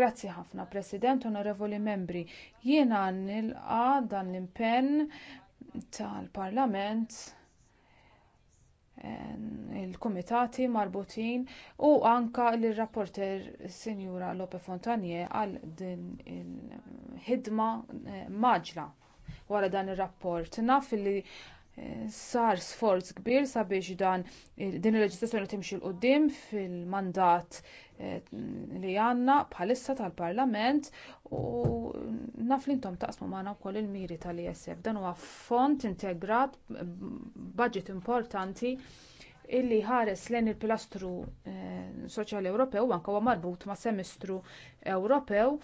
Grazzi ħafna, President, onorevoli membri. Jiena nilqa dan l-impenn tal-Parlament il kumitati marbutin u anka lir rapporter Sinjura Lope Fontanier għal din il-ħidma eh, maġla wara dan ir rapport Naf li sar sforz kbir sabiex dan din il-leġislazzjoni timxi l qudiem fil-mandat eh, li għandna bħalissa tal-Parlament u naf li intom taqsmu magħna wkoll il-miri tal-ISF. Dan huwa fond integrat budget importanti illi ħares lejn il-pilastru eh, soċjali Ewropew anke huwa marbut ma' semestru Ewropew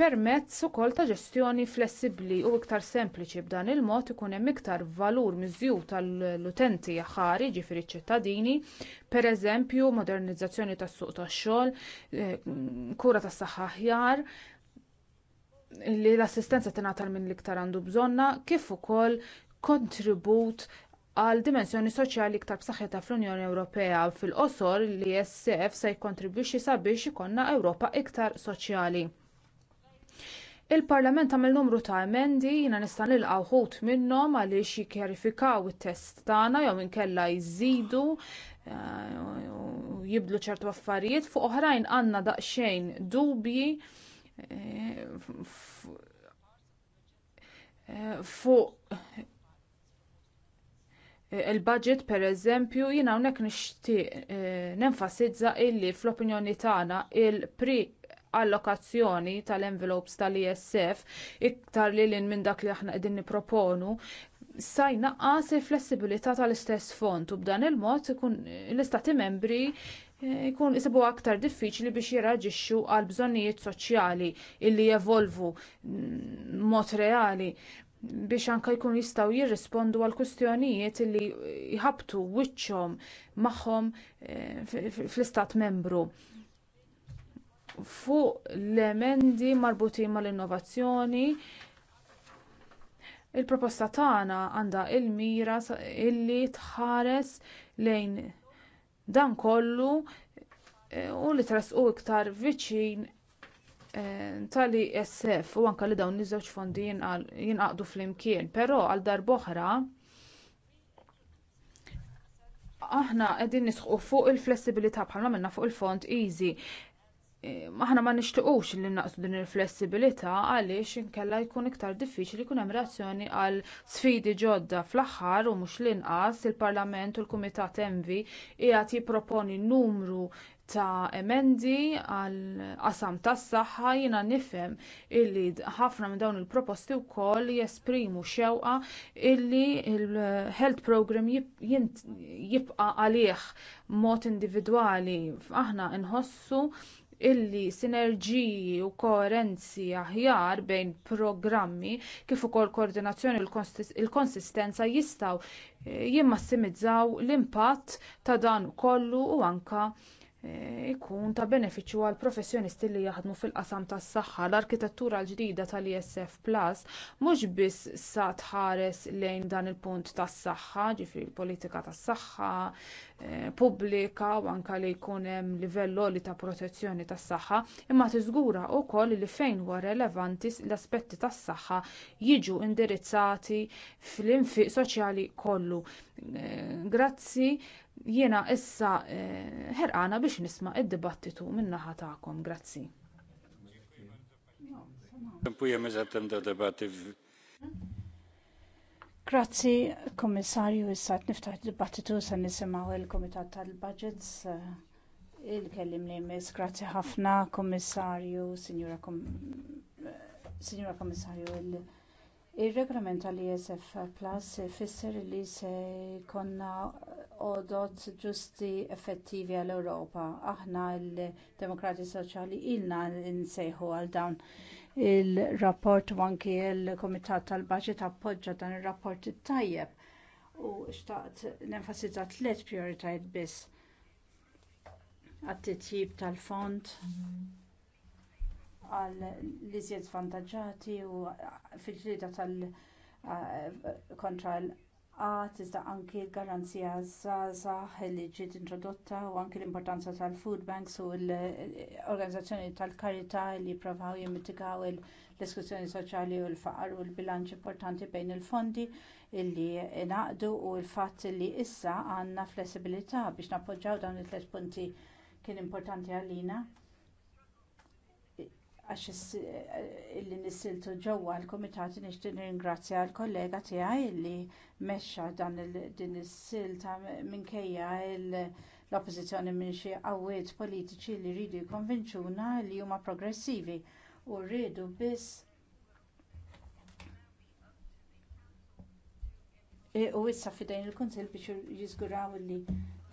permezz ukoll ta' ġestjoni flessibbli u iktar sempliċi b'dan il-mod ikun hemm iktar valur miżjud tal-utenti aħħar jiġifieri ċ-ċittadini pereżempju modernizzazzjoni tas-suq tax-xogħol eh, kura tas-saħħa aħjar li l-assistenza tingħata minn l-iktar għandu bżonna kif ukoll kontribut għal dimensjoni soċjali iktar b'saħħitha fl-Unjoni Ewropea fil-qosor li SF se jikkontribwixxi sabiex ikollna Ewropa iktar soċjali. Il-Parlament għamel numru ta' emendi jiena nista' nilqa' wħud minnhom għaliex jikkjarifikaw it-test tagħna jew inkella jżidu eh, jibdlu ċertu affarijiet fuq oħrajn għandna daqsxejn dubji eh, fuq il-budget pereżempju jiena hawnhekk nixtieq eh, nenfasizza illi fl-opinjoni tagħna il-pre allokazzjoni tal-envelopes tal-ISF iktar li minn dak li aħna qegħdin nipproponu sa jnaqqas il-flessibilità tal-istess fond u b'dan il-mod ikun l-istati membri jkun eh, isibu aktar diffiċli biex jiraġixxu għal bżonnijiet soċjali illi jevolvu mm, mod reali biex anke jkun jistgħu jirrispondu għal kwistjonijiet li jħabtu wiċċhom magħhom eh, fl-istat membru fuq l-emendi marbutin mal-innovazzjoni il-proposta tagħna għandha l-mira illi tħares lejn dan kollu eh, u li trasqu iktar viċin eh, tal-isf u anke li dawn iż-żewġ fondi jinqaqdu flimkien però għal darb'oħra aħna qegħdin nisħu fuq il-flessibilità bħalma minna fuq il-fond easy Eh, aħna ma nishtuqux li naqsu din il-flessibilità għaliex inkella jkun iktar diffiċli jkun hemm reazzjoni għal sfidi ġodda fl-aħħar u mhux l-inqas il-Parlament u l-Kumitat Envi qiegħed jipproponi numru ta' emendi għal qasam tas-saħħa jiena nifhem illi ħafna minn dawn il-proposti wkoll jesprimu xewqa illi il-health program jibqa' għalih mod individwali aħna nħossu illi sinerġiji u koerenzi aħjar bejn programmi kif ukoll koordinazzjoni u l-konsistenza jistgħu eh, jimmassimizzaw l-impatt ta' dan kollu u anke eh, ikun ta' benefiċċju għal professjonisti li jaħdmu fil-qasam tas-saħħa l-arkitettura l-ġdida tal-isf plus mhux biss sa tħares lejn dan il-punt tas-saħħa ġifieri l-politika tas-saħħa Eh, pubblika u anke li jkun hemm livell għoli ta' protezzjoni tas-saħħa imma tiżgura wkoll li fejn huwa relevanti l-aspetti tas-saħħa jiġu indirizzati fl-infiq soċjali kollu. Eh, grazzi jiena issa eh, ħerqana biex nisma' id-dibattitu min-naħa tagħkom. Grazzi. Grazzi, Kommissarju, issa niftaħ dibattitu se nisimaw il-Kumitat tal-Budgets eh, il-kellim li jmiss. Grazzi ħafna, Kommissarju, Signora eh, Kommissarju, il- reglament regolament tal-ISF Plus ifisser li se jkollna odot ġusti effettivi għall ewropa Aħna l-Demokrati Soċjali ilna nsejħu għal dawn il-rapport u anki l-Kumitat tal-Baġit appoġġa dan ir-rapport it-tajjeb u xtaqt nenfasizza tliet prioritajiet biss għat-titjib tal-fond għal l-iżjed vantaġġati u fil-ġlieda tal- eh, kontra għat iżda anki l-garanzija zazax li ġiet introdotta u anki l-importanza tal-food banks u l-organizzazzjoni tal-karità li jippruvaw jimmitigaw l-esklużjoni soċjali u l-faqar u l-bilanċ importanti bejn il-fondi li ngħaqdu u l-fatt li issa għandna flessibilità biex nappoġġjaw dawn it-tliet punti kien importanti għalina għax eh, illi nisiltu ġewwa l-Kumitat nixtieq nirringrazzja l-kollega tiegħi illi mexxa dan din is-silta minkejja l-oppożizzjoni minn xi qawwiet politiċi li jridu jikkonvinċuna li huma progressivi u rridu biss e, u issa fidejn il-Kunsill biex jiżguraw li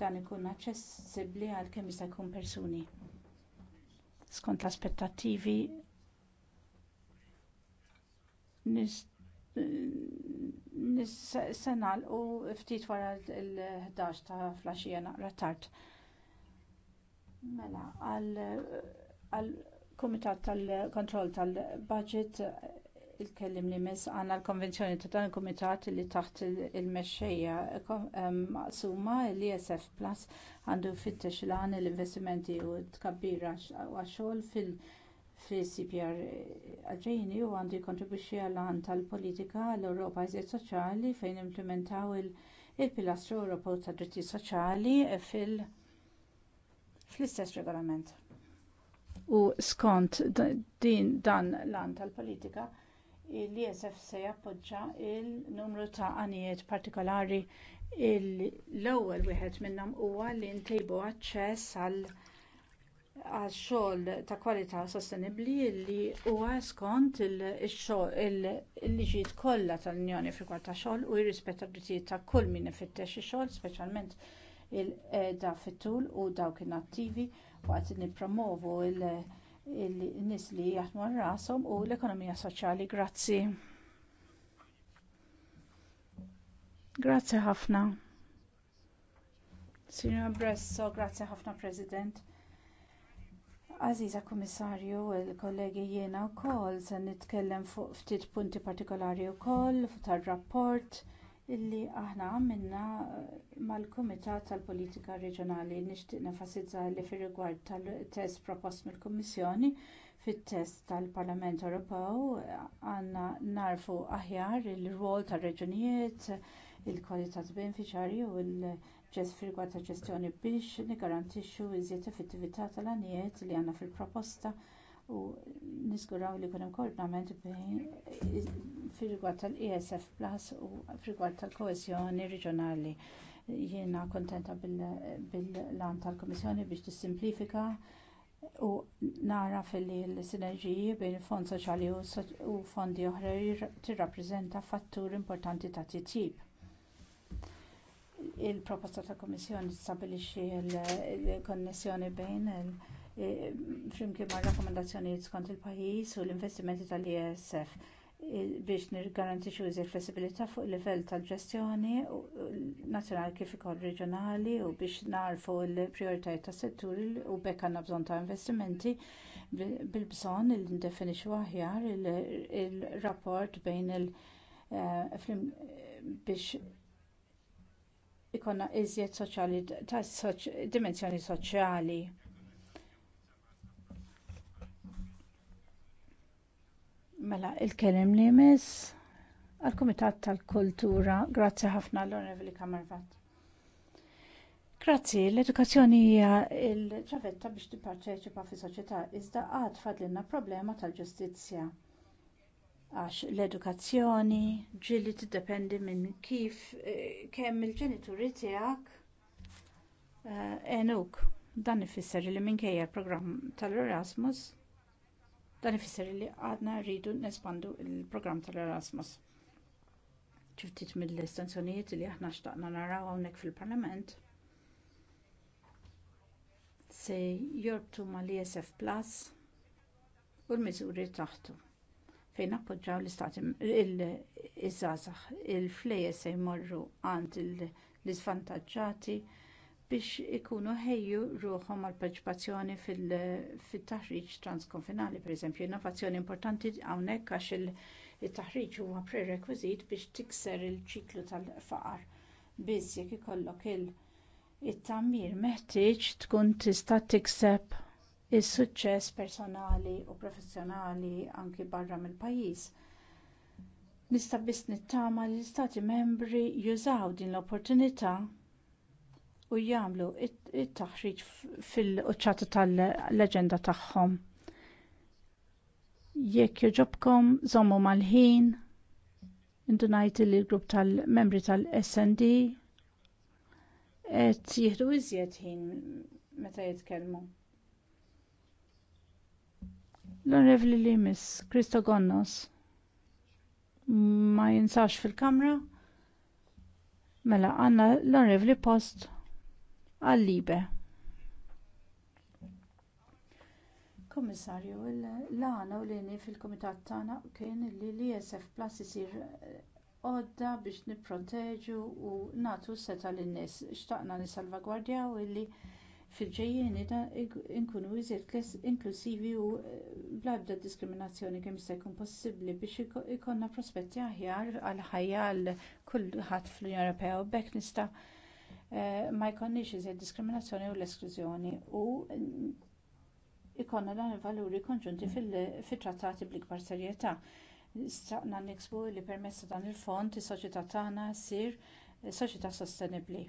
dan ikun aċċessibbli għal kemm jista' jkun persuni skont l-aspettattivi nis-senal u ftit wara l-11 ta' flaxija naqra tard. Mela, għal-Komitat tal-Kontroll tal-Budget il-kellim li mis għanna l-konvenzjoni ta' dan il-komitat li taħt il-mexxejja maqsuma l SF Plus għandu fittex l-għan l-investimenti u tkabbira għaxol fil- fil-CPR għalġejni u għandu jikkontribwixxi għall-għan tal-politika l-Europa Eżiet Soċjali fejn implementaw il-pilastru Ewropew ta' dritti soċjali fil- fl-istess regolament u skont din dan l għan tal-politika li jesef se jappoġġa l numru ta' għanijiet partikolari l-ewwel wieħed minnhom huwa li ntejbu aċċess għal xogħol ta' kwalità sostenibbli li huwa skont il-liġijiet kollha tal-Unjoni fil ta' xogħol u jirrispetta d-drittijiet ta' kull min ifittex ix-xogħol, speċjalment il-qeda fit-tul u dawk inattivi waqt nippromovu il- il-nis li jaħdmu għal rashom u l-ekonomija soċjali. Grazzi. Grazzi ħafna. Signor Bresso, grazzi ħafna President. Aziza Komissarju, il-kollegi jiena wkoll se nitkellem fuq ftit punti partikolari wkoll tar rapport illi aħna għamilna eh, mal-Kumitat tal-Politika Reġjonali nixtieq nefasizza li fir-rigward tal-test propost mill-Kummissjoni fit-test tal-Parlament Ewropew għandna narfu aħjar il-rwol tar-reġunijiet, il-kwalità benefiċjarji u l-ġest fir-rigward ta' ġestjoni biex nigarantixxu iżjed effettività tal-għanijiet li għandna fil-proposta u niskuraw li jkun hemm koordinament fil rigward tal-esf plus u fil rigward tal-koeżjoni reġjonali jiena kontenta bil-lan tal-Kummissjoni biex tissimplifika u nara fil-li l-sinerġiji bejn il-Fond Soċjali u fondi oħra tirrappreżenta fattur importanti ta' titjib il-proposta tal-Kummissjoni stabbilixxi l-konnessjoni bejn il- E, flimkien mar rakkomandazzjonijiet skont il-pajjiż u l-investimenti tal-ESF e, biex nirgarantixxu iżjed flessibilità fuq il-livell tal-ġestjoni nazzjonali kif ukoll reġjonali u biex narfu l-prijoritajiet tas-setturi u bekk għandna bżonn ta' investimenti bil-bżonn li ndefinixxu aħjar il-rapport bejn il- e, biex ikonna iżjed soċjali ta' dimensjoni soċjali. Mela, il-kelim li jmiss għal-Kumitat tal-Kultura, grazzi ħafna l-Onorevoli Kamarvat. Grazzi, l-edukazzjoni hija l-ġavetta biex tipparteċipa fi soċjetà iżda għad fadlinna problema tal-ġustizzja. Għax l-edukazzjoni ġilli tiddependi minn kif eh, kemm il-ġenituri tiegħek eh, enuk. Dan ifisser li kejja l-programm tal-Erasmus Dan ifisser li għadna rridu nespandu l programm tal-Erasmus. Ċiftit mill-estensjonijiet li aħna xtaqna naraw hawnhekk fil-Parlament se jorbtu mal-ESF Plus u l-miżuri taħtu fejn appoġġaw l-istati il-żazax il-flejes se jmorru għand l iżvantaġġati il biex ikunu ħejju ruħom għal parċipazzjoni fit-taħriġ transkonfinali, pereżempju, innovazzjoni importanti hawnhekk għax il-taħriġ huwa prerekwiżit biex tikser il-ċiklu tal-faqar. Biss jekk ikollok il-tammir meħtieġ tkun tista' tikseb is-suċċess personali u professjonali anki barra mill-pajjiż. Nista' biss nittama li l-Istati membri jużaw din l-opportunità u jagħmlu it-taħriġ fil-quċċata tal-leġenda tagħhom. Jekk joġobkom żommu mal-ħin, indunajt li l-grupp tal-membri tal-SND qed jieħdu iżjed ħin meta jitkellmu. L-Onorevoli Limis, Kristo Gonnos, ma jinsax fil-kamra, mela għanna l-Onorevoli Post għal-libe. Kommissarju, l-għana u l-għini fil-komitat tagħna kien li l-ISF Plus isir għodda eh, biex nipproteġu u natu seta lin nies Xtaqna u li fil-ġejjeni da nkunu iżjed inklusivi u eh, bl-ebda diskriminazzjoni kemm se jkun possibbli biex ikollna prospetti aħjar għal ħajja għal kulħadd fl-Unjoni Ewropea u bekk nista' Eh, ma jkonniex iżjed diskriminazzjoni u l-esklużjoni u ikonna dan il-valuri konġunti fil-trattati bl-ikbar serjetà. Staqna niksbu li permessa dan il-fond is-soċjetà tagħna ssir soċjetà sostenibbli.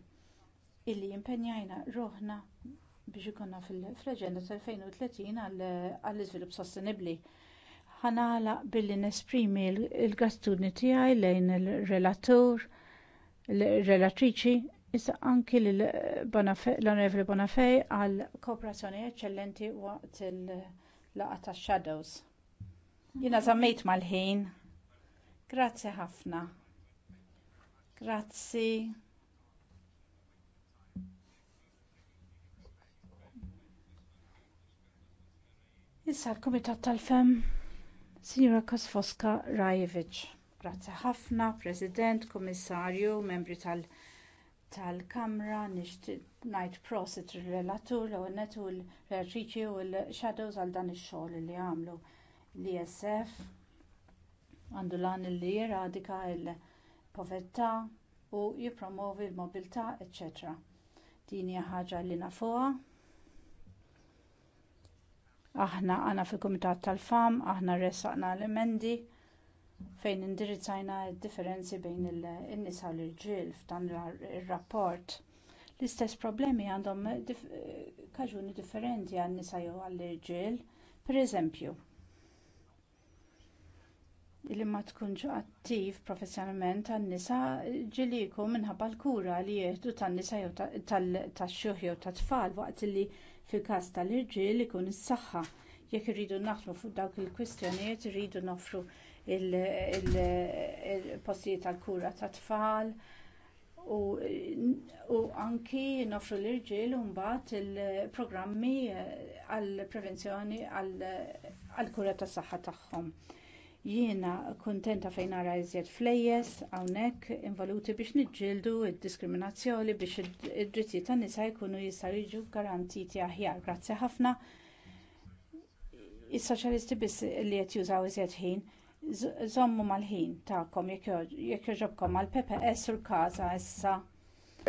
Illi impenjajna ruħna biex ikonna fl-Aġenda tal-2030 għall-iżvilupp sostenibbli. Ħanala billi nesprimi l-gratitudni tiegħi lejn il-relatur, il-relatriċi Issa anki l-Onorevoli Bonafej għal kooperazzjoni eccellenti waqt il-laqa ta' Shadows. Jina zammejt mal-ħin. Grazzi ħafna. Grazzi. Issa l-Komitat tal-Fem, Signora Kosfoska Rajevic. Grazzi ħafna, President, Komissarju, membri tal-Fem tal-Kamra nixtieq ngħid prosit ir-relatur u ewwelnet u l-relatriċi u l-shadows għal dan ix-xogħol li għamlu. L-ISF għandu lan li jeradika l-povertà u jippromovi l-mobilità, etc. Din hija ħaġa li nafuha. Aħna għana fil-Kumitat tal-Fam, aħna ressaqna l-emendi fejn indirizzajna d-differenzi bejn in-nisa u l-irġiel f'dan ir-rapport. L-istess problemi għandhom kaġuni differenti għan-nisa jew għall-irġiel. Pereżempju, li ma tkunx attiv professjonalment għan-nisa ġilieku minħabba l-kura li jieħdu tan-nisa jew tax-xuħ jew tat-tfal waqt li fil-każ tal-irġiel ikun is-saħħa jekk irridu naħdmu fuq dawk il-kwistjonijiet irridu noffru il-postijiet tal-kura ta' tfal u anki nofru l-irġiel u mbagħad il-programmi eh, għall-prevenzjoni għall-kura tas-saħħa tagħhom jiena kuntenta fejn ara iżjed flejjes hawnhekk involuti biex niġġieldu d-diskriminazzjoni biex id-drittijiet tan-nisa jkunu jistgħu jiġu garantiti aħjar. Grazzi ħafna. Is-soċjalisti biss li qed jużaw iżjed ħin Żommu mal-ħin tagħkom jekk jogħġobkom għall pps u l-Kaza issa.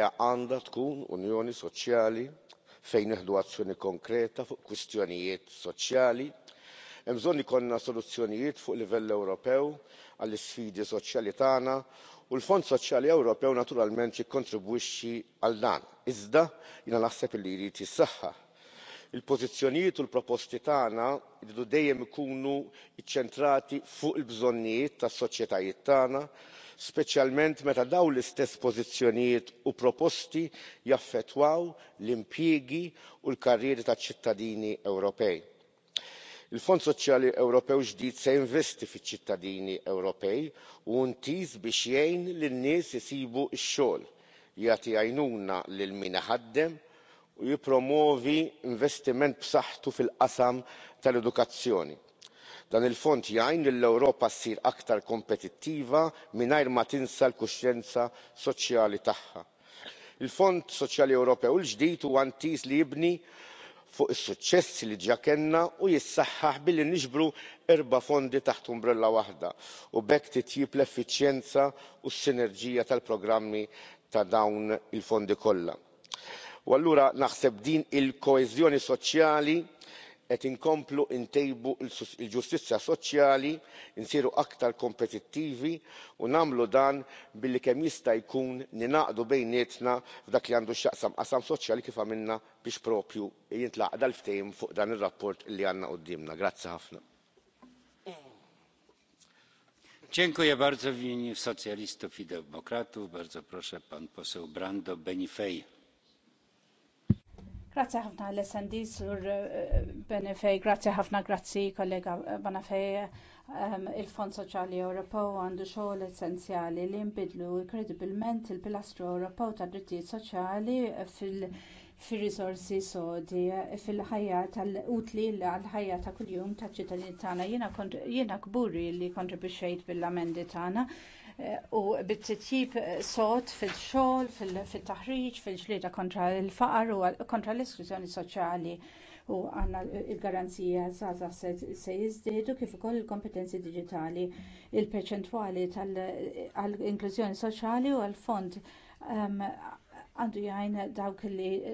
E Għandha tkun Unjoni Soċjali fejn neħdu azzjoni konkreta fuq kwistjonijiet soċjali. Hemm bżonn soluzzjonijiet fuq livell Ewropew għall-isfidi soċjali tagħna u l-Fond Soċjali Ewropew naturalment jikkontribwixxi għal dan. Iżda jiena naħseb li jrid jissaħħa il pożizzjonijiet u l proposti tagħna jridu dejjem ikunu ċċentrati fuq il bżonnijiet tas-soċjetajiet tagħna speċjalment meta dawn l-istess pożizzjonijiet u proposti jaffettwaw l-impjiegi u l-karrieri taċ-ċittadini ewropej. il fond soċjali ewropew ġdid se jinvesti fiċ-ċittadini ewropej u ntis biex jgħin lin-nies isibu x-xogħol jagħti għajnuna lil min iħaddem u jippromovi investiment b'saħħtu fil-qasam tal-edukazzjoni. dan il fond jgħin l ewropa ssir aktar kompetittiva mingħajr ma tinsa l-kuxjenza soċjali tagħha. il fond soċjali ewropew il ġdid huwa ntis li jibni fuq is-suċċessi li ġa kellna u jissaħħaħ billi niġbru erba' fondi taħt umbrella waħda u b'hekk titjib l-effiċjenza u s-sinerġija tal-programmi ta' dawn il fondi kollha u allura naħseb din il koeżjoni soċjali qed inkomplu ntejbu l-ġustizzja soċjali nsiru aktar kompetittivi u nagħmlu dan billi kemm jista' jkun ningħaqdu bejnietna f'dak li għandu x'jaqsam qasam soċjali kif għamilna biex propju jintlaqda l ftehim fuq dan ir-rapport li għandna qudiemna. Grazzi ħafna. Dziękuję bardzo w imieniu socjalistów i demokratów. Bardzo proszę pan poseł Brando Benifei. Grazzi ħafna l-SND sur eh, Benefej, grazzi ħafna, grazzi kollega Benefej ehm, il-Fond Soċjali Ewropew għandu xogħol essenzjali li jinbidlu kredibilment il-pilastru Ewropew tad drittijiet soċjali fil- risorsi sodi fil-ħajja tal-utli għall ħajja ta' kuljum taċ ċittadini tagħna jiena kburi li kontribwixxejt bil-amendi tagħna u bit-titjib eh, sod fil-xol, fil-taħriġ, fil-ġlida kontra il-faqar u kontra l-esklużjoni soċjali u għanna il-garanzija zaza se jizdidu kif ukoll il-kompetenzi digitali, il-perċentwali tal-inklużjoni soċjali u għal-fond ehm, għandu jgħin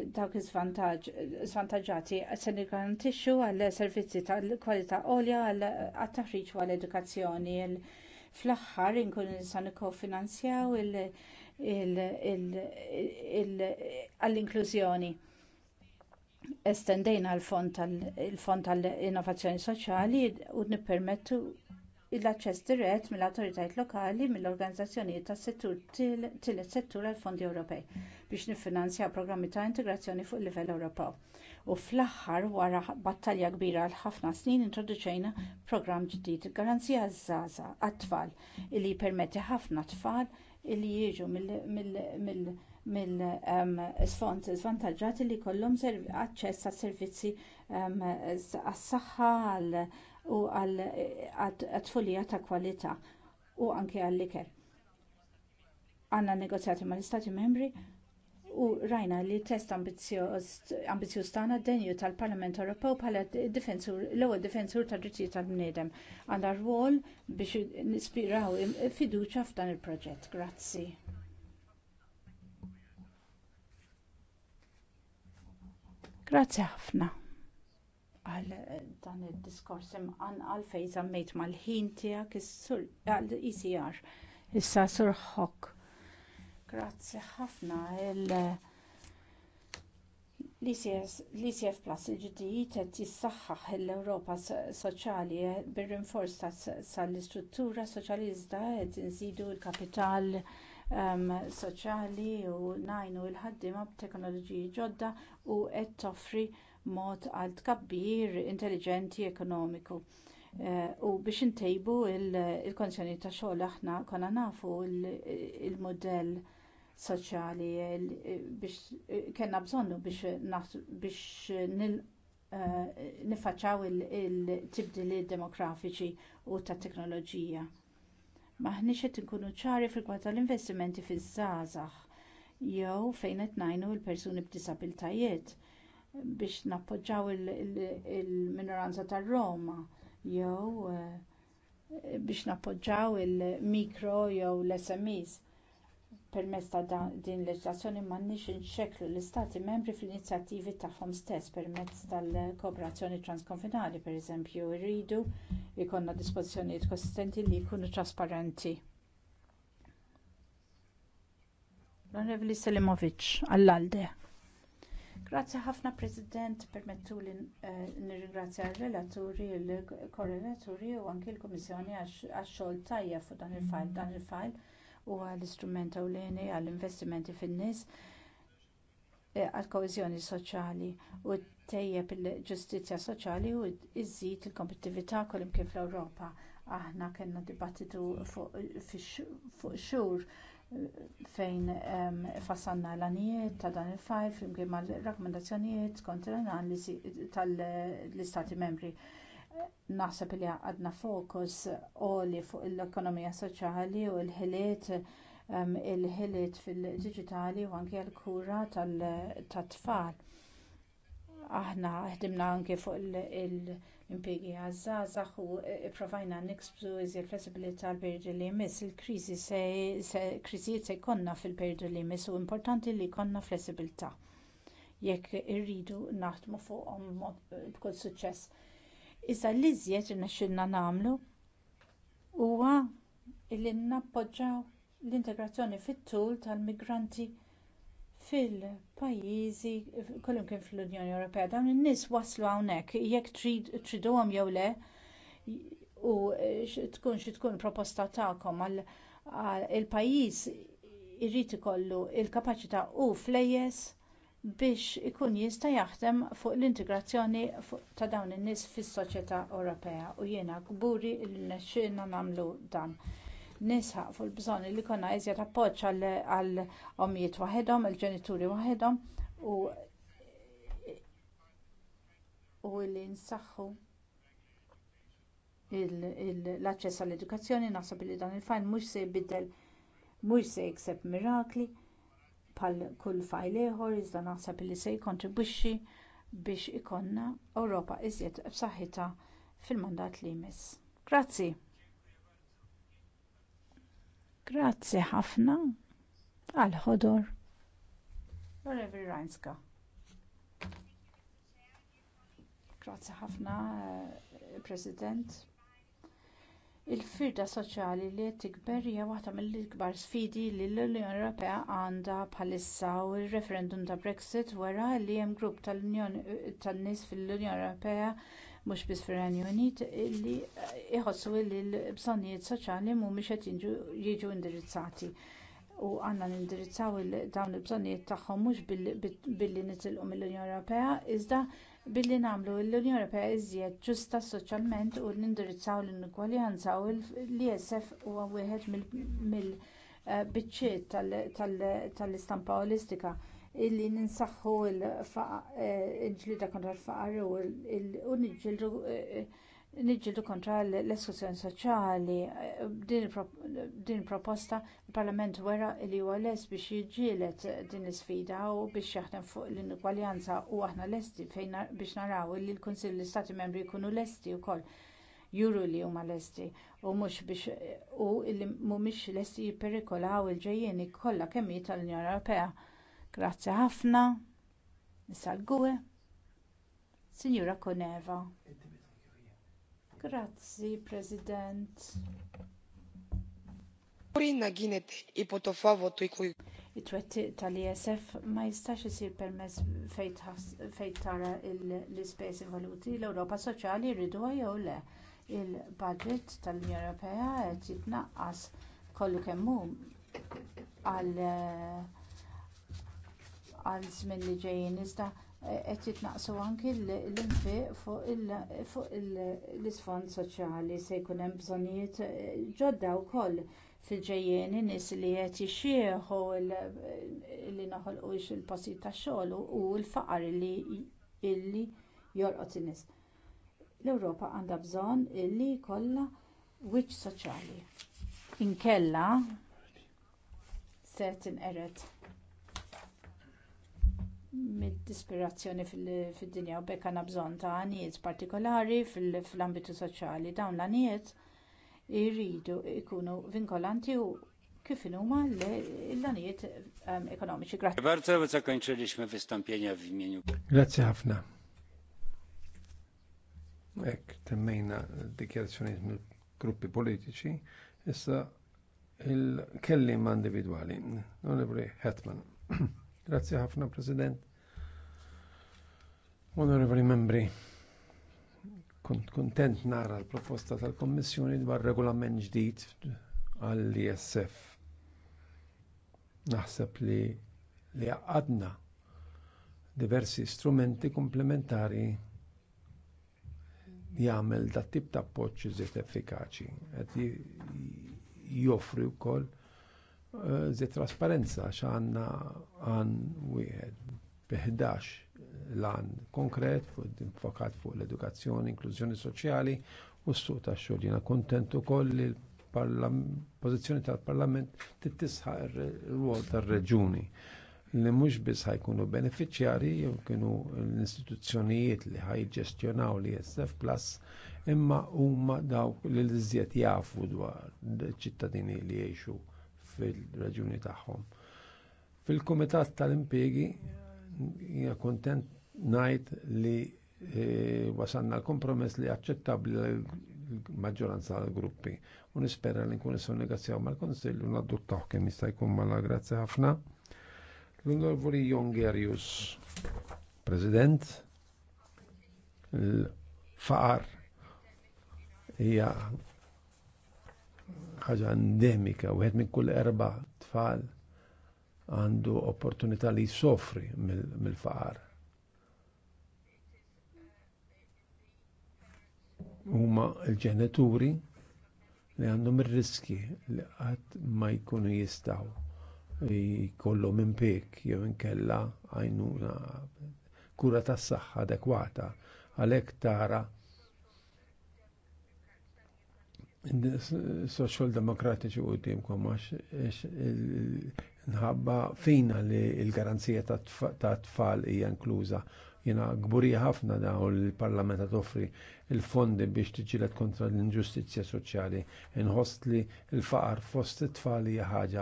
dawk iż-vantaġġati se nigarantixxu għal servizzi tal-kwalità għolja għal taħriġ u għall-edukazzjoni. l fl-aħħar inkun nisa nikkofinanzjaw għall-inklużjoni. Estendejna l-fond tal-innovazzjoni soċjali u nippermettu l-aċċess dirett mill-awtoritajiet lokali mill-organizzazzjonijiet tas-settur tielet settur għall fondi Ewropej biex niffinanzjaw programmi ta' integrazzjoni fuq livell Ewropew u fl-aħħar wara battalja kbira għal ħafna snin introduċejna programm ġdid Garanzija garanzija żaża għat-tfal li jippermetti ħafna tfal ehm, li jiġu mill-sfond żvantaġġati li jkollhom aċċess għas servizzi ehm, għas-saħħa u għal tfulija ta' kwalità u anke għall-ikel. Għandna negozjati mal-Istati Membri u rajna li test ambizjuż tagħna d denju tal-Parlament Ewropew bħala difensur l-ewwel difensur tad-drittijiet tal-bniedem għandha rwol biex nispiraw fiduċja f'dan il-proġett. Grazzi. Grazzi ħafna għal eh, dan id diskors imqan għal fejn żammejt mal-ħin tiegħek is-sur għal-ECR. Issa sur ħokk. Grazzi ħafna il- l-ICF Plus il ġdid qed jissaħħaħ l-Ewropa Soċjali bir-rinfors tal-istruttura soċjali iżda qed inżidu l-kapital ehm, soċjali u ngħinu l-ħaddiema b'teknoloġiji ġodda u qed toffri mod għal tkabbir intelligenti ekonomiku. Eh, u biex intejbu l-konzjoni tax xogħol aħna konna nafu l-modell il soċjali eh, biex eh, kellna bżonnu biex biex nil eh, il-tibdili demografiċi u tat teknoloġija. Maħniex qed inkunu ċari fil-kwad tal-investimenti fiż-żgħażagħ jew fejn qed ngħinu l-persuni b'disabiltajiet biex nappoġġaw il-minoranza tar-Roma jew biex nappoġġaw il-mikro jew l-SMEs permezz ta' din il-leġiżlazzjoni m'għandniex inxekklu l-istati membri fl-inizjattivi tagħhom stess permezz tal-kooperazzjoni transkonfinali pereżempju irridu jkollna dispożizzjonijiet konsistenti li jkunu trasparenti L-Onorevoli Selimovic, għall-Alde. Grazzi ħafna President, permettuli eh, nirringrazzja r-relaturi, l-korrelaturi u anki l-Komissjoni għax-xogħol tajjeb fuq dan il-fajl. Dan il-fajl huwa l-istrument ewlieni għall-investimenti fin-nies eh, għall-koeżjoni soċjali u tejjeb il-ġustizzja soċjali u iżżid il-kompetittività kolimkien fl-Ewropa. Aħna kellna dibattitu fuq xhur eh, fejn um, ehm, fassanna l-anijiet ta' dan il-fajl flimkien mal rakkomandazzjonijiet kont l-analiżi tal-istati membri naħseb li għadna fokus għoli fuq l-ekonomija soċjali u l-ħiliet il-ħiliet fil-digitali u anke l-kura tat-tfal. Aħna ħdimna anke fuq l-impjegi għazzazax u e, provajna niksbdu iżjed flessibilità l-periodu li jmiss. Il-kriżi kriżijiet se jkollna fil-periodu li jmiss u importanti li jkollna flessibilità jekk irridu naħdmu fuqhom b'kull suċċess Iżda li żjed irnexxilna nagħmlu huwa li nappoġġjaw l-integrazzjoni fit-tul tal-migranti fil-pajjiżi kollum kien fl-Unjoni Ewropea. Dawn in-nies waslu hawnhekk jekk tridhom jew le u tkun xi tkun proposta tagħkom għal il-pajjiż irid ikollu l kapaċità u flejjes biex ikun jista' jaħdem fuq l-integrazzjoni ta' dawn in-nies fis-soċjetà Ewropea u jiena kburi l rnexxielna nagħmlu dan. Nisħaq fuq il-bżonn li jkollna iżjed appoġġ għal ommijiet waħedhom, il-ġenituri waħedhom u u li nsaħħu l-aċċess għall-edukazzjoni naħseb li dan il-fajn mhux se jbiddel mhux se jikseb mirakli bħal kull fajl ieħor iżda naħseb li se jikkontribwixxi biex ikollna Ewropa iżjed b'saħħitha fil-mandat li jmiss. Grazzi. Grazzi ħafna għal ħodor. Reverend Reinska. Grazzi ħafna, eh, President il-firda soċjali li qed tikber hija waħda mill-ikbar sfidi li l-unjoni ewropea għandha bħalissa u r-referendum ta' brexit wera li hemm grupp tan-nies fil-unjoni ewropea mhux biss fir-renju unit li jħossu li l-bżonnijiet soċjali mhumiex qed jiġu indirizzati u għandna nindirizzaw dawn il-bżonnijiet tagħhom mhux billi nitilqu mill-unjoni ewropea iżda billi nagħmlu l-unjoni ewropea iżjed ġusta soċjalment u nindirizzaw l-inugwaljanza u l-isf huwa wieħed mill-biċċiet eh, tal-istampa olistika illi ninsaħħu eh, l-ġlieda kontra l-faqar u niġġieldu eh, niġġieldu kontra l-esklużjoni soċjali. Din proposta il-Parlament wera li huwa lest biex jiġġieled din l-isfida u biex jaħdem fuq l-inugwaljanza u aħna lesti fejn biex naraw li l-Kunsill l-Istati Membri jkunu lesti wkoll juru li huma lesti u mhux biex u li mhumiex lesti jipperikolaw il-ġejjieni kollha kemm tal-Unjoni Ewropea. Grazzi ħafna. Issa gwe Sinjura Grazzi, President. Urina għinet ipotofa votu jkuj. It-twettiq tal-ISF ma jistax isir permess fejn tara l-ispejs valuti l-Ewropa Soċjali jridu jew le. Il-budget tal-Unjoni Ewropea qed jitnaqqas kollu kemm hu għal għal żmien li ġejjin iżda qed jitnaqsu anki l-infiq fuq l-isfond soċjali se jkun hemm bżonnijiet eh, ġodda wkoll fil-ġejjien nies li qed jixxieħu li noħolqu il-postijiet tax-xogħol u l-faqar illi jorqod in-nies. L-Ewropa għandha bżonn illi jkollha wiċċ soċjali. Inkella se tinqered mid-disperazzjoni fid-dinja u bekk għandna bżonn ta' għanijiet partikolari fl-ambitu soċjali dawn l-għanijiet jridu jkunu vinkolanti u kif huma l-għanijiet ehm, ekonomiċi. Grazie. Bardzo zakończyliśmy Grazie ħafna. Ek, temmejna dikjarazzjoni mill gruppi politiċi, issa il-kellim individuali. Onorevoli Hetman. Grazie ħafna, President. Onorevoli membri, kuntent nara l-proposta tal-Kommissjoni dwar regolament ġdid għall-ISF. Naħseb li li għadna diversi strumenti komplementari jagħmel dat tip ta' appoġġ iżjed effikaċi. Għed joffri wkoll eh, iżjed trasparenza x'għandna għan u bi lan konkret fuq infokat fuq l-edukazzjoni, inklużjoni soċjali u s-suq ta' xogħol Jiena kuntent ukoll li l-pożizzjoni tal-Parlament tittisħaq r-ruol tar-reġuni li mhux biss ħajkunu beneficjari jew kienu l-istituzzjonijiet li ħajġestjonaw li SF Plus imma huma dawk li l-iżjed jafu dwar ċittadini li jgħixu fil-raġuni tagħhom. Fil-Kumitat tal-Impjegi hija kontent najt li e, wasanna l-kompromess li accettabli l-maġġoranza tal-gruppi. U nispera li nkun nissu negazzjaw mal-Konsill u naddu taħ kemm jista' jkun mala grazzi ħafna. L-Onorevoli Jongerius, President, l-faqar hija ħaġa endemika, wieħed minn kull erba' tfal għandu opportunità li jsofri mill-faqar huma l-ġenituri li għandhom ir-riski li qatt ma jkunu jistgħu jkollhom pek jew inkella għajnuna kura tas-saħħa adekwata għalhekk tara social demokratiċi u timkom għax nħabba fina li l-garanzija ta' tfal hija inkluża. Jena gburi ħafna daw l-parlament ta' toffri il-fondi biex tiġilet kontra l-inġustizzja soċjali. Inħost li l-faqar fost it-tfal hija ħaġa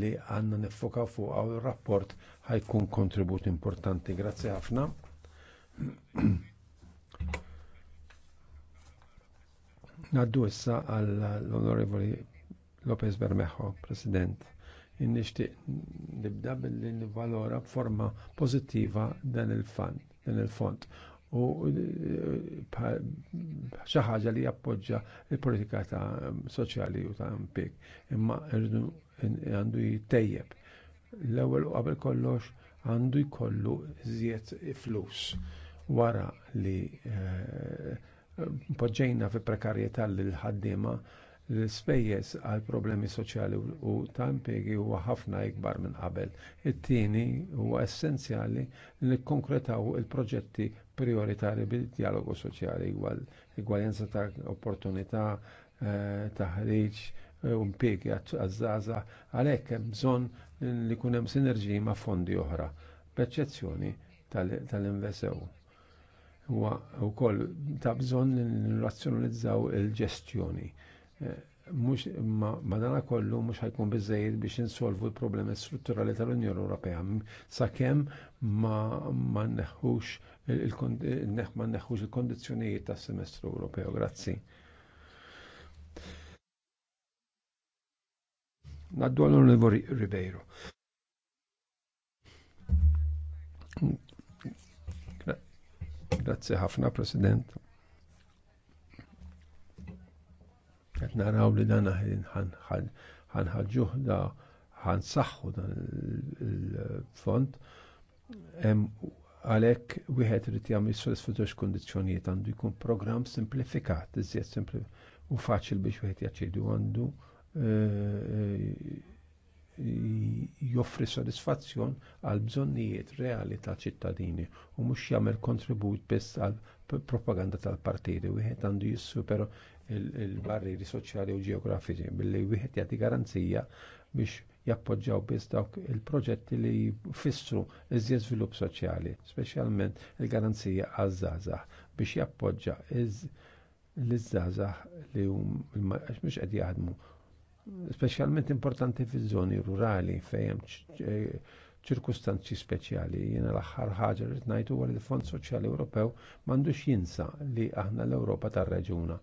li għandna nifokaw fuq għaw il-rapport ħajkun kontribut importanti. Grazzi ħafna. Naddu issa għall-Onorevoli Lopez Bermejo, President nixtieq nibda billi nivvalora b'forma pożittiva dan il-fond u xi ħaġa li jappoġġa l-politika ta' soċjali u ta' impik. Imma għandu jittejjeb. L-ewwel u qabel kollox għandu jkollu żjed flus wara li eh, poġġejna fi prekarjetà lil ħaddiema l ispejjeż għal problemi soċjali u ta' impjegi huwa ħafna ikbar minn qabel. It-tieni huwa essenzjali li konkretaw il-proġetti prioritari bil-dialogu soċjali l-igwaljenza ta' opportunità eh, taħriġ eh, u għaż għazzaza għalhekk hemm bżonn li kun hemm sinerġiji ma' fondi oħra, b'eċċezzjoni tal-investew huwa wkoll ta' bżonn nirrazzjonalizzaw il-ġestjoni. il ġestjoni mux madana kollu mux ħajkun bizzejed biex insolvu l-problemi strutturali tal-Unjoni Ewropea sakemm ma ma neħux il neħux il-kondizzjonijiet tas-semestru Ewropeo. Grazzi. Naddu għall-Onorevoli Ribeiro. Grazzi ħafna, President. Qed naraw li dan ħanħaġġuh da ħansaħħu dan il-fond hemm għalhekk wieħed irid jagħmel sodisfattux kundizzjonijiet għandu jkun programm simplifikat, iżjed simpli u faċil biex wieħed jaċċedu għandu eh, eh, joffri sodisfazzjon għal bżonnijiet reali ta' ċittadini u mhux jagħmel kontribut biss għal propaganda tal-partiti wieħed għandu jissupero il-barriri soċjali u ġeografiċi billi wieħed jagħti garanzija biex jappoġġaw biss dawk il-proġetti li jfissru iżjed żvilupp soċjali, speċjalment il-garanzija għaż-żgħażagħ biex jappoġġa l-żgħażagħ li hum mhux qed jaħdmu specialment importanti fi zoni rurali fejn eh, ċirkustanzi speċjali. Jiena l-aħħar ħaġa li ngħidu huwa li l-Fond Soċjali Ewropew m'għandux jinsa li aħna l-Ewropa tar-reġuna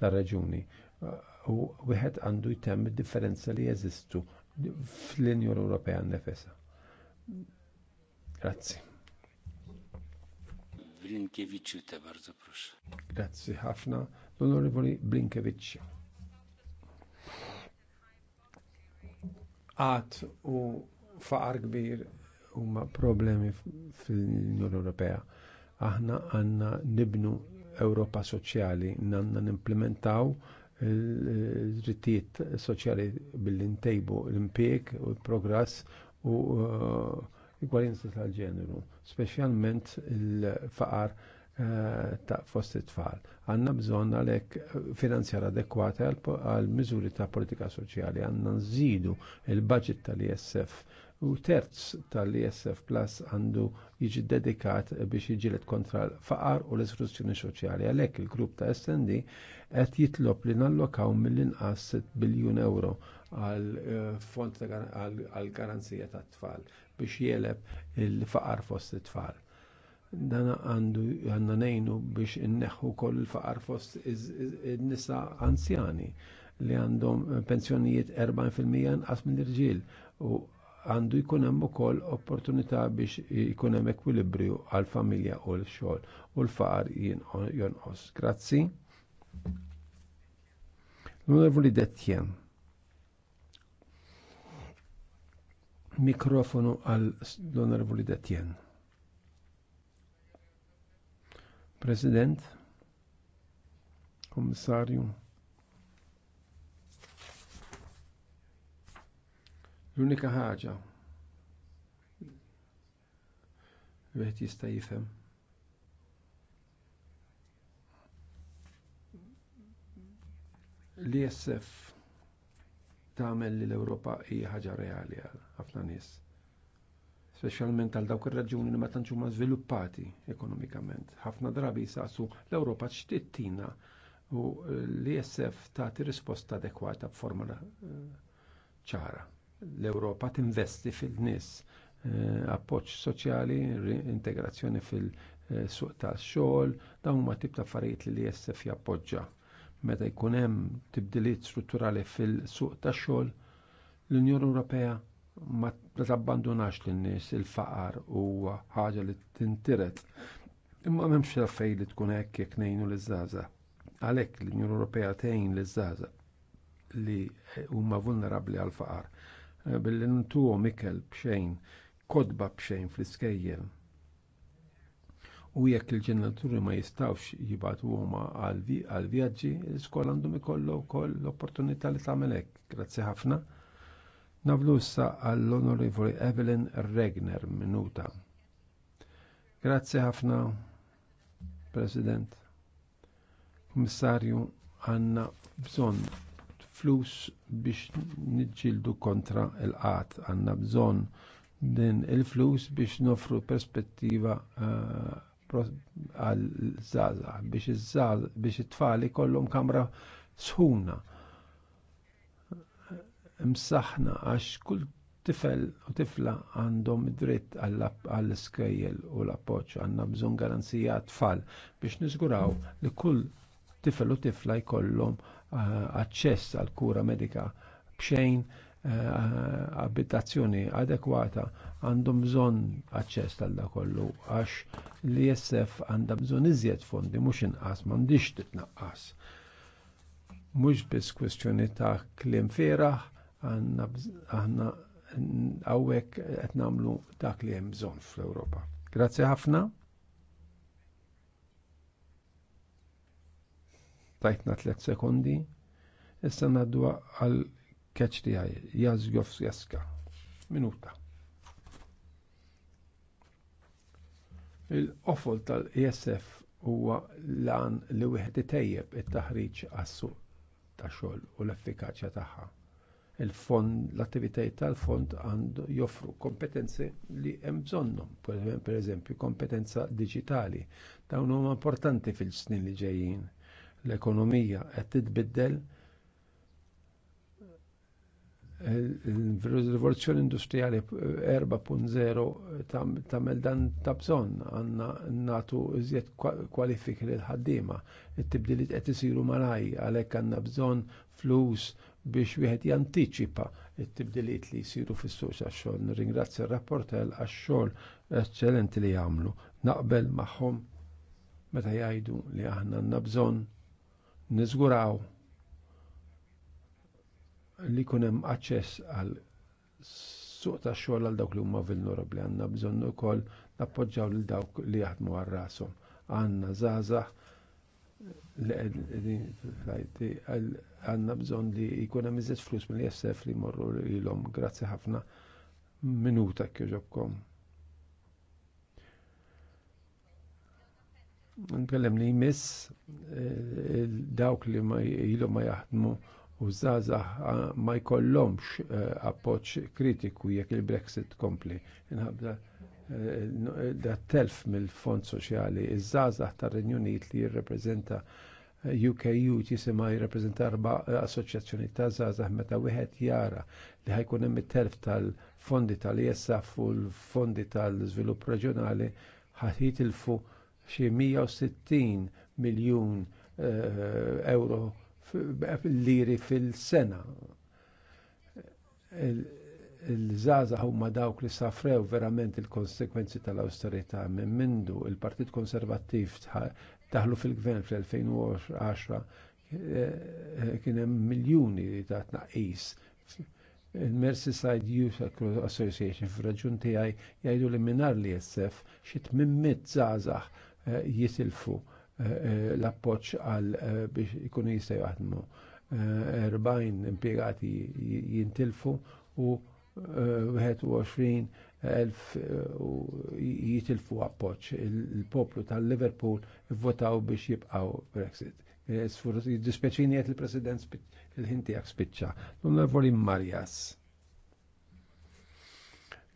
tar-reġuni. Eh, u wieħed għandu jtemm id-differenza li jeżistu fl-Unjoni Ewropea nnefesa. Grazzi. Blinkeviċ te bardzo proszę. Grazzi ħafna l-Onorevoli għat u faqar kbir huma problemi fil-Unjoni Ewropea. Aħna għanna nibnu Ewropa soċjali, għanna nimplementaw il-drittijiet soċjali bil-intejbu l-impieg u l-progress u uh, l-gwarinza tal-ġeneru, specialment il-faqar Eh, ta' fost it-tfal. Għanna bżon għalek finanzjar adekwata għal miżuri ta' politika soċjali, għanna nżidu il-budget tal-ISF u terz tal-ISF Plus għandu jiġi dedikat biex jiġilet kontra l-faqar u l-istruzzjoni soċjali. Għalek il-grupp ta' SND għet jitlob li nallokaw mill-inqas 6 biljun euro għal eh, fond għal garanzija tat tfal biex jeleb il-faqar fost it-tfal dan għandu għanna nejnu biex inneħu koll il-faqar fost nisa anzjani li għandhom pensjonijiet 40% nqas minn irġiel u għandu jkun hemm ukoll opportunità biex jkun hemm ekwilibrju għal familja u l-xogħol u l-faqar jonqos. Grazzi. L-Onorevoli Detjen. Mikrofonu għal l-Onorevoli Detjen. President, Kommissarju. L-unika ħaġa l-għet jista jifem. tamel li l-Europa hija ħaġa reali għal specialment għal dawk ir-raġuni li ma tantx huma żviluppati ekonomikament. Ħafna drabi jsaqsu l-Ewropa x'tittina u l-ISF tagħti risposta adekwata b'forma eh, ċara. L-Ewropa tinvesti fil-nies eh, appoġġ soċjali, integrazzjoni fil-suq eh, tax-xogħol, dawn huma tip ta' affarijiet li l-ISF e jappoġġa. Meta jkun hemm tibdiliet strutturali fil-suq tax-xogħol, l-Unjoni Ewropea ma tabbandunax lin-nies il-faqar huwa ħaġa li tintiret. Imma m'hemmx fej li tkun hekk jekk ngħinu liż-żgħażagħ. Għalhekk l-Unjoni Ewropea tgħin l żgħażagħ li huma vulnerabbli għal faqar eh, billi ntuhom ikel b'xejn, kodba b'xejn fl-iskejjel. U jekk il-ġenituri ma jistawx jibatu huma għal vjaġġi, l-iskola għandhom ikollu wkoll l-opportunità li tagħmel hekk. Grazzi ħafna. Navlussa għall-Onorevoli Evelyn Regner minuta. Grazzi ħafna, President. Kummissarju, għanna bżon flus biex nġildu kontra il-qat. Għanna bżon din il-flus biex nofru perspettiva eh, għal-żaza, biex it-tfali kollum kamra sħuna msaħna għax kull tifel u tifla għandhom dritt għall-iskejjel u l-appoċ għandna bżonn garanzija tfal biex niżguraw li kull tifel u tifla jkollhom eh, aċċess għal kura medika bxejn eh, abitazzjoni adekwata għandhom bżonn aċċess tal kollu għax l jessef għandha bżonn iżjed fondi mhux inqas m'għandix titnaqqas. Mhux biss kwestjoni ta' kliem feraħ, aħna għawek qed nagħmlu dak li hemm bżonn fl-Ewropa. Grazzi ħafna. Tajtna tlet sekundi. Issa naddu għal għaj. Jaz jofs Jaska. Minuta. Il-qofol tal-ESF huwa lan li wieħed itejjeb it-taħriġ għas-suq ta' xogħol u l-effikaċja tagħha il-fond, l-attivitajiet tal-fond għandu joffru kompetenzi li hemm bżonnhom, per ehm, eżempju kompetenza diġitali. Dawn huma importanti fil-snin li ġejjin. L-ekonomija qed titbiddel il-rivoluzzjoni industrijali 4.0 tagħmel dan ta' bżonn għandna nagħtu iżjed kwalifiki lil ħaddiema. It-tibdiliet qed isiru malaj għalhekk għandna bżonn flus biex wieħed jantiċipa it-tibdiliet li jsiru fis-suq tax-xogħol. Nirringrazzja r-rapportel għax-xogħol eċċellenti li jagħmlu. Naqbel magħhom meta jgħidu li aħna għandna bżonn niżguraw li jkun hemm aċċess għal suq tax-xogħol għal dawk li huma vulnerabbli għandna bżonn ukoll nappoġġjaw lil dawk li jaħdmu għar rashom. Għandna żgħażagħ li għanna bżon li jkun hemm iżjed flus mill jessef li morru ilhom. Grazzi ħafna minuta kjoġobkom. Nkellem li jmiss dawk li ilhom ma jaħdmu u żgħażagħ ma jkollhomx appoġġ kritiku jekk il-Brexit kompli. Inħabda da telf mill-fond soċjali, iż-żazax tar-Renju Unit li jirrepreżenta UKU eh, jisima jirrepreżenta arba eh, assoċjazzjoni ta' żazax meta wieħed jara li ħajkun hemm it-telf tal-fondi tal-ISF u l-fondi tal-żvilupp reġjonali ħatit jitilfu xi 160 miljun eh, euro liri fil-sena il-żaza huma dawk li safrew verament il-konsekwenzi tal-austerità minn mindu il-Partit Konservattiv taħlu fil-gvern fl-2010 eh, eh, kien hemm miljuni ta' tnaqqis il-Merseyside Youth Association f'raġun tiegħi jgħidu li minar li jessef xi tmimmit żgħażagħ eh, jitilfu l-appoġġ għal biex ikunu jistgħu jaħdmu 40 impjegati jintilfu u 21,000 eh, eh, jitilfu appoċ. Il-poplu tal-Liverpool votaw biex jibqaw Brexit. Eh, Dispeċini għet il-president il-ħintijak spiċċa. L-onorvoli Marjas.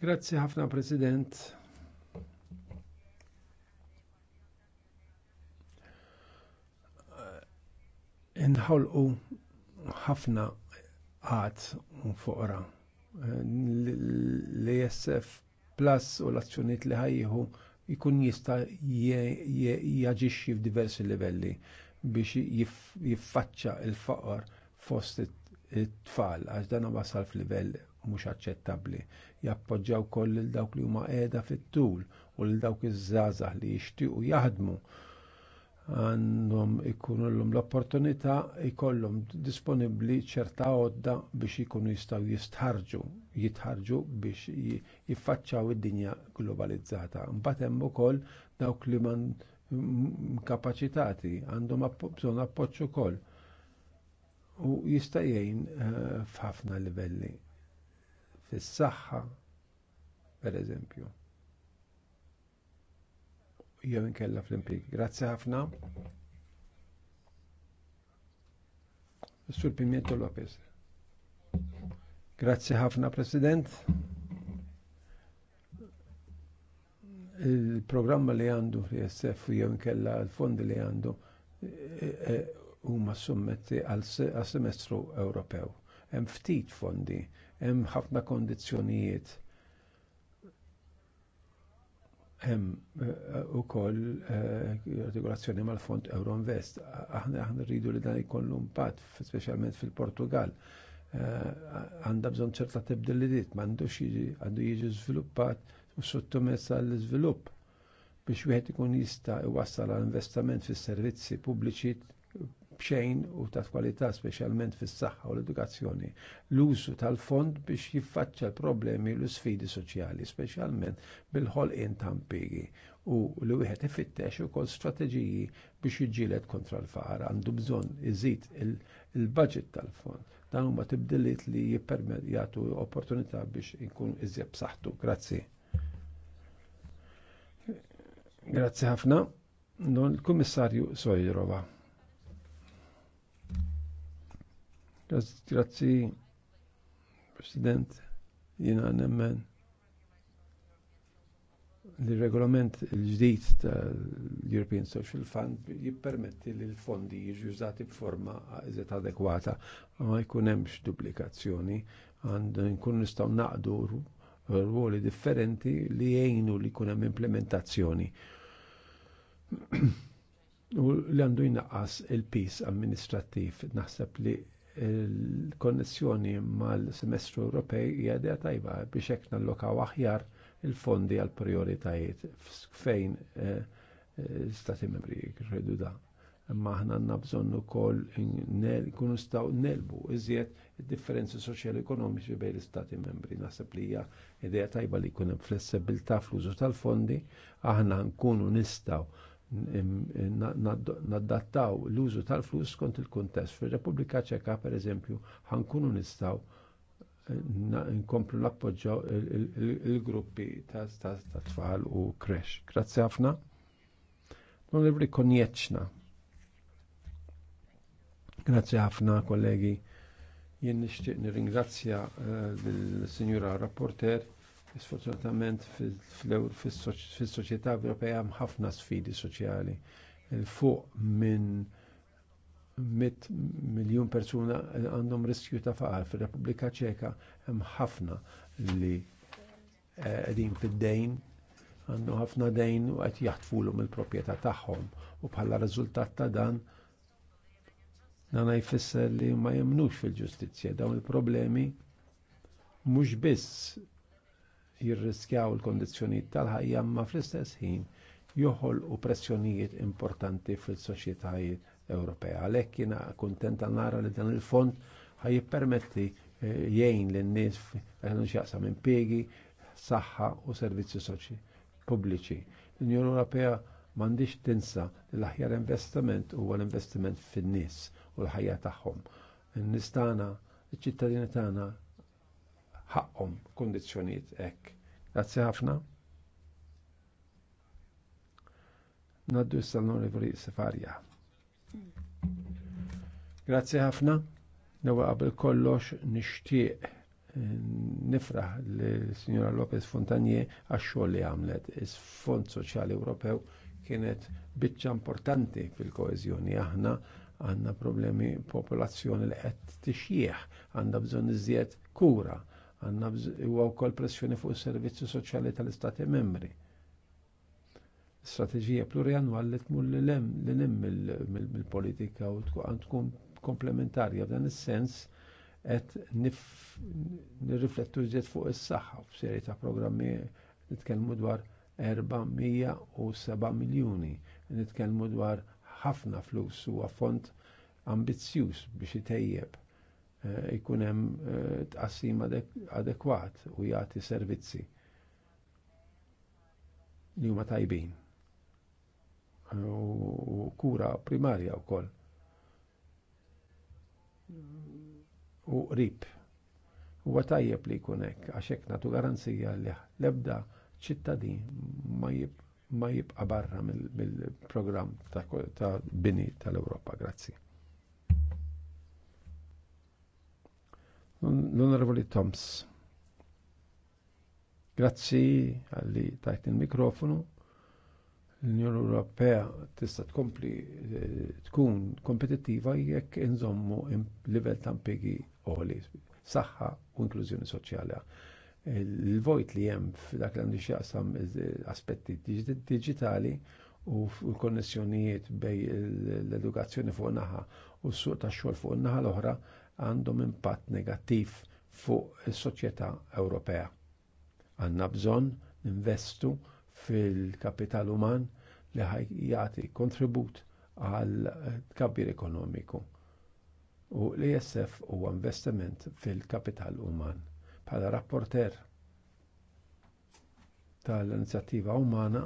Grazie ħafna, president. Inħolqu ħafna għad un fuqra l-ESF Plus u l-azzjoniet li ħajjiħu jkun jista jaġixxi f'diversi livelli biex jiffaċċa il-faqar fost it-tfal għax dan wasal f'livell mhux aċċettabbli. Jappoġġaw koll il dawk li huma qiegħda fit-tul u l dawk iż-żgħażagħ li jixtiequ jaħdmu għandhom ikunu l l-opportunità jkollhom disponibbli ċerta għodda biex ikunu jistgħu jistħarġu, jitħarġu biex jiffacċaw id-dinja globalizzata. Mbagħad hemm ukoll dawk li man kapacitati għandhom bżon appoġġ koll U jista' jgħin eh, f'ħafna livelli fis-saħħa pereżempju jew inkella fl-impjieg. Grazzi ħafna. Sur Pimiento Lopez. Grazzi ħafna, President. Il-programma li għandu fl-SF jew inkella l-fondi li għandu eh, eh, huma summetti għal semestru Ewropew. Hemm ftit fondi, hemm ħafna kondizzjonijiet hemm eh, ukoll eh, regolazzjoni mal-Fond Euroinvest. Aħna aħna rridu li dan jkollu mpat, speċjalment fil-Portugal. Eh, għandha bżonn ċerta tibdiliet, m'għandux xieġi, għandu jiġi żviluppat u sottomess għall-iżvilupp biex wieħed ikun jista' iwassal għall investiment fis-servizzi pubbliċi bxejn u ta' kwalità speċjalment fis-saħħa u l-edukazzjoni l-użu tal-fond biex jiffaċċja l-problemi u l-sfidi soċjali, speċjalment bil-ħolqien ta' impjiegi u li wieħed ifittex ukoll strateġiji biex jiġġieled kontra l-faqar għandu bżonn iżid il-budget tal-fond. Dan huma tibdiliet li jippermedjatu jagħtu opportunità biex inkun iżjed b'saħħtu. Grazzi. Grazzi ħafna. Non il-Kummissarju Sojrova. Grazzi, President, jina nemmen li regolament il-ġdijt tal-European Social Fund jippermetti li l-fondi jiġu użati b'forma eżet adekwata ma jkun hemmx duplikazzjoni għand nkun nistaw naqdu ruoli differenti li jgħinu li jkun hemm implementazzjoni. U li għandu jnaqqas il-pis amministrativ naħseb li il-konnessjoni mal-semestru Ewropej hija idea tajba biex hekk nallokaw aħjar il-fondi għal prioritajiet fejn eh, eh, stati membri jkredu da. Imma aħna għandna bżonn ukoll nkunu nistgħu nelbu iżjed id-differenzi soċjali ekonomiċi bejn l-istati membri. Naħseb li hija idea tajba li jkun hemm flessibilità fl-użu tal-fondi, aħna nkunu nistgħu naddattaw l-użu tal-flus kont il kuntess Fir-Repubblika Ċeka, per eżempju, ħankunu nistaw eh, nkomplu l-appoġġaw il-gruppi ta' tfal u kresh. Grazzi ħafna. Non libri konieċna. Grazzi ħafna, kollegi. Jien nixtieq nirringrazzja eh, l-Sinjura Rapporter Sfortunatament fis-soċjetà Ewropea hemm ħafna sfidi soċjali. Il-fuq minn 100 miljun persuna għandhom riskju ta' faqar. Fir-Repubblika Ċeka hemm ħafna li eh, qegħdin fid-dejn għandhom ħafna dejn u qed jaħtfulhom il-proprjetà tagħhom u bħala riżultat ta' dan dan jfisser li ma jemnux fil-ġustizzja dawn il-problemi mhux biss jirriskjaw il-kondizzjonijiet tal-ħajja ma fl-istess ħin joħolqu pressjonijiet importanti fil-soċjetajiet Ewropea. Għalhekk jiena kuntenta nara li dan il-fond ħaj jippermetti eh, jgħin lin-nies għandu jaqsam impjiegi saħħa u servizzi soċi pubbliċi. L-Unjoni Ewropea m'għandix tinsa li l-aħjar investiment huwa l-investiment fin-nies u l-ħajja tagħhom. In-nies tagħna, iċ-ċittadini tagħna ħaqhom kundizzjonijiet hekk. Grazzi ħafna. Naddu issa l-onorevoli Sefarja. Grazzi ħafna. Nawa għabil kollox nixtieq eh, nifraħ li signora Lopez Fontanier għax-xogħol li għamlet. Is-Fond Soċjali Ewropew kienet biċċa importanti fil koezjoni aħna għandna problemi popolazzjoni li qed tixjieħ, għandha bżonn iżjed kura Għanna huwa wkoll pressjoni fuq is-servizzi soċjali tal-Istati membri. Strateġija plurianwal li tmur li hemm mill-politika u tkun komplementarja f'dan is-sens qed nirriflettu żjed fuq is-saħħa f'serje ta' programmi nitkellmu dwar 407 miljuni, nitkellmu dwar ħafna flus huwa font ambizzjuż biex itejjeb Eh, ikun hemm eh, tqassim adekwat u jagħti servizzi li huma tajbin u kura primarja wkoll u qrib. Huwa tajjeb li jkun hekk għax hekk nagħtu garanzija li l-ebda ċittadin ma jib ma jibqa barra mill-programm ta' bini tal-Ewropa. Grazzi. L-Onorevoli Toms. Grazzi għalli tajt il-mikrofonu. L-Unjoni Ewropea tista' tkompli eh, tkun kompetittiva jekk inżommu livell ta' impjegi oħli, saħħa u inklużjoni soċjali il-vojt li hemm f'dak li għandu xjaqsam aspetti digitali u l-konnessjonijiet bej l-edukazzjoni fuq naħa u s-suq tax xogħol fuq naħa l-oħra għandhom impatt negattiv fuq is-soċjetà Ewropea. Għandna bżonn ninvestu fil-kapital uman li jagħti kontribut għal tkabbir ekonomiku. U l-ISF huwa investiment fil-kapital uman. Bħala rapporter tal-inizjattiva umana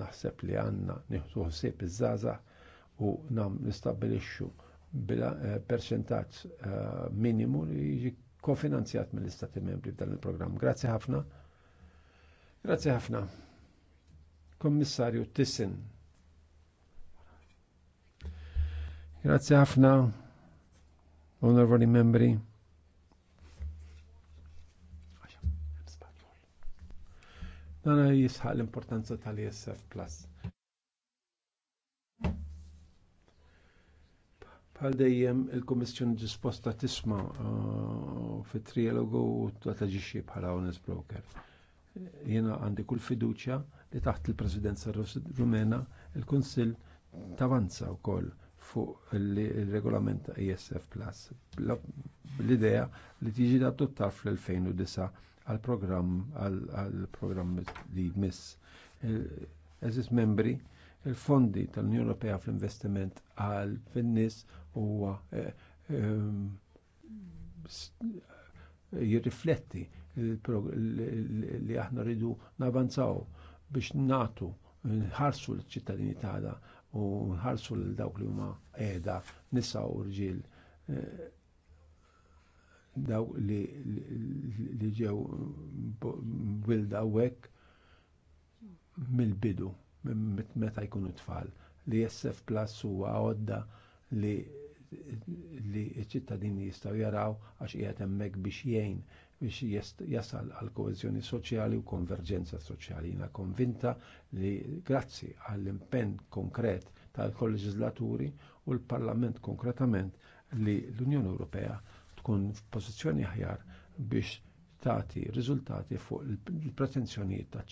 naħseb li għandna nieħdu ħsieb iż-żgħażagħ u nam nistabbilixxu bila eh, percentaġġ eh, minimu li jiġi kofinanzjat mill-Istati membri f'dan il-programm. Grazzi ħafna. Grazzi ħafna. Kommissarju Tissin. Grazzi ħafna, onorevoli membri. Dan jisħaq l-importanza tal-ISF Plus. Bħal dejjem il-Kummissjoni disposta tisma' uh, fit trialogu u taġixxi bħala honest broker. Jiena għandi kull fiduċja li taħt il-Presidenza Rumena il-Kunsill tavanza wkoll fuq il-regolament ISF e Plus. L-idea li tiġi adottar fl-2009 għal programm għal programm li jmiss. Eżis membri il-fondi tal-Unjoni Ewropea fl-investiment għal fin-nies huwa eh, ehm, jirrifletti li aħna rridu navanzaw biex natu nħarsu l-ċittadini tagħna u nħarsu l dawk li huma qiegħda nisa u rġiel eh, daw li li ġew wilda hekk mill-bidu meta jkunu tfal li SF Plus huwa għodda li li ċittadini jistgħu jaraw għax qiegħed hemmhekk biex jgħin biex jasal għal koeżjoni soċjali u konverġenza soċjali. Jiena konvinta li grazzi għall-impenn konkret tal kolleġizlaturi u l-Parlament konkretament li l-Unjoni Ewropea tkun f'pożizzjoni aħjar biex tagħti riżultati fuq il-pretenzjonijiet ta'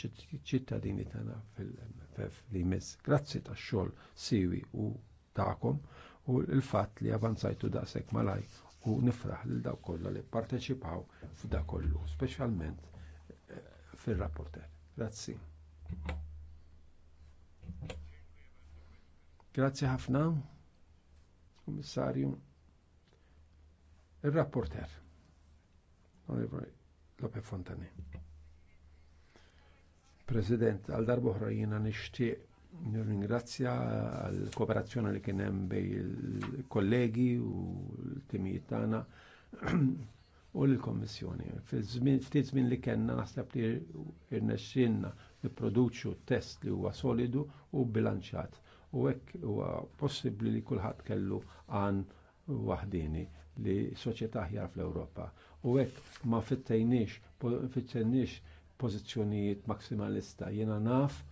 ċittadini tagħna fil-MFF li jmiss. Grazzi tax-xogħol siwi u tagħkom u l-fatt li avanzajtu daqshekk malaj u nifraħ lil dawk kollha li pparteċipaw f'da kollu, speċjalment eh, fir-rapporter. Grazzi. Grazzi ħafna, Kummissarju. Il-rapporter, Onorevole Lope Fontani. President, għal darbohra jina nishtiq Nirringrazzja għal kooperazzjoni li kien hemm bej il-kollegi u l-timijiet tagħna u l-Kommissjoni. Ftit żmien li kellna naħseb li rnexxinna nipproduċu test li huwa solidu u bilanċat. U hekk huwa possibbli li kulħadd kellu għan waħdini li soċjetà ħjar fl-Ewropa. U hekk ma fittejniex pożizzjonijiet maksimalista. Jiena naf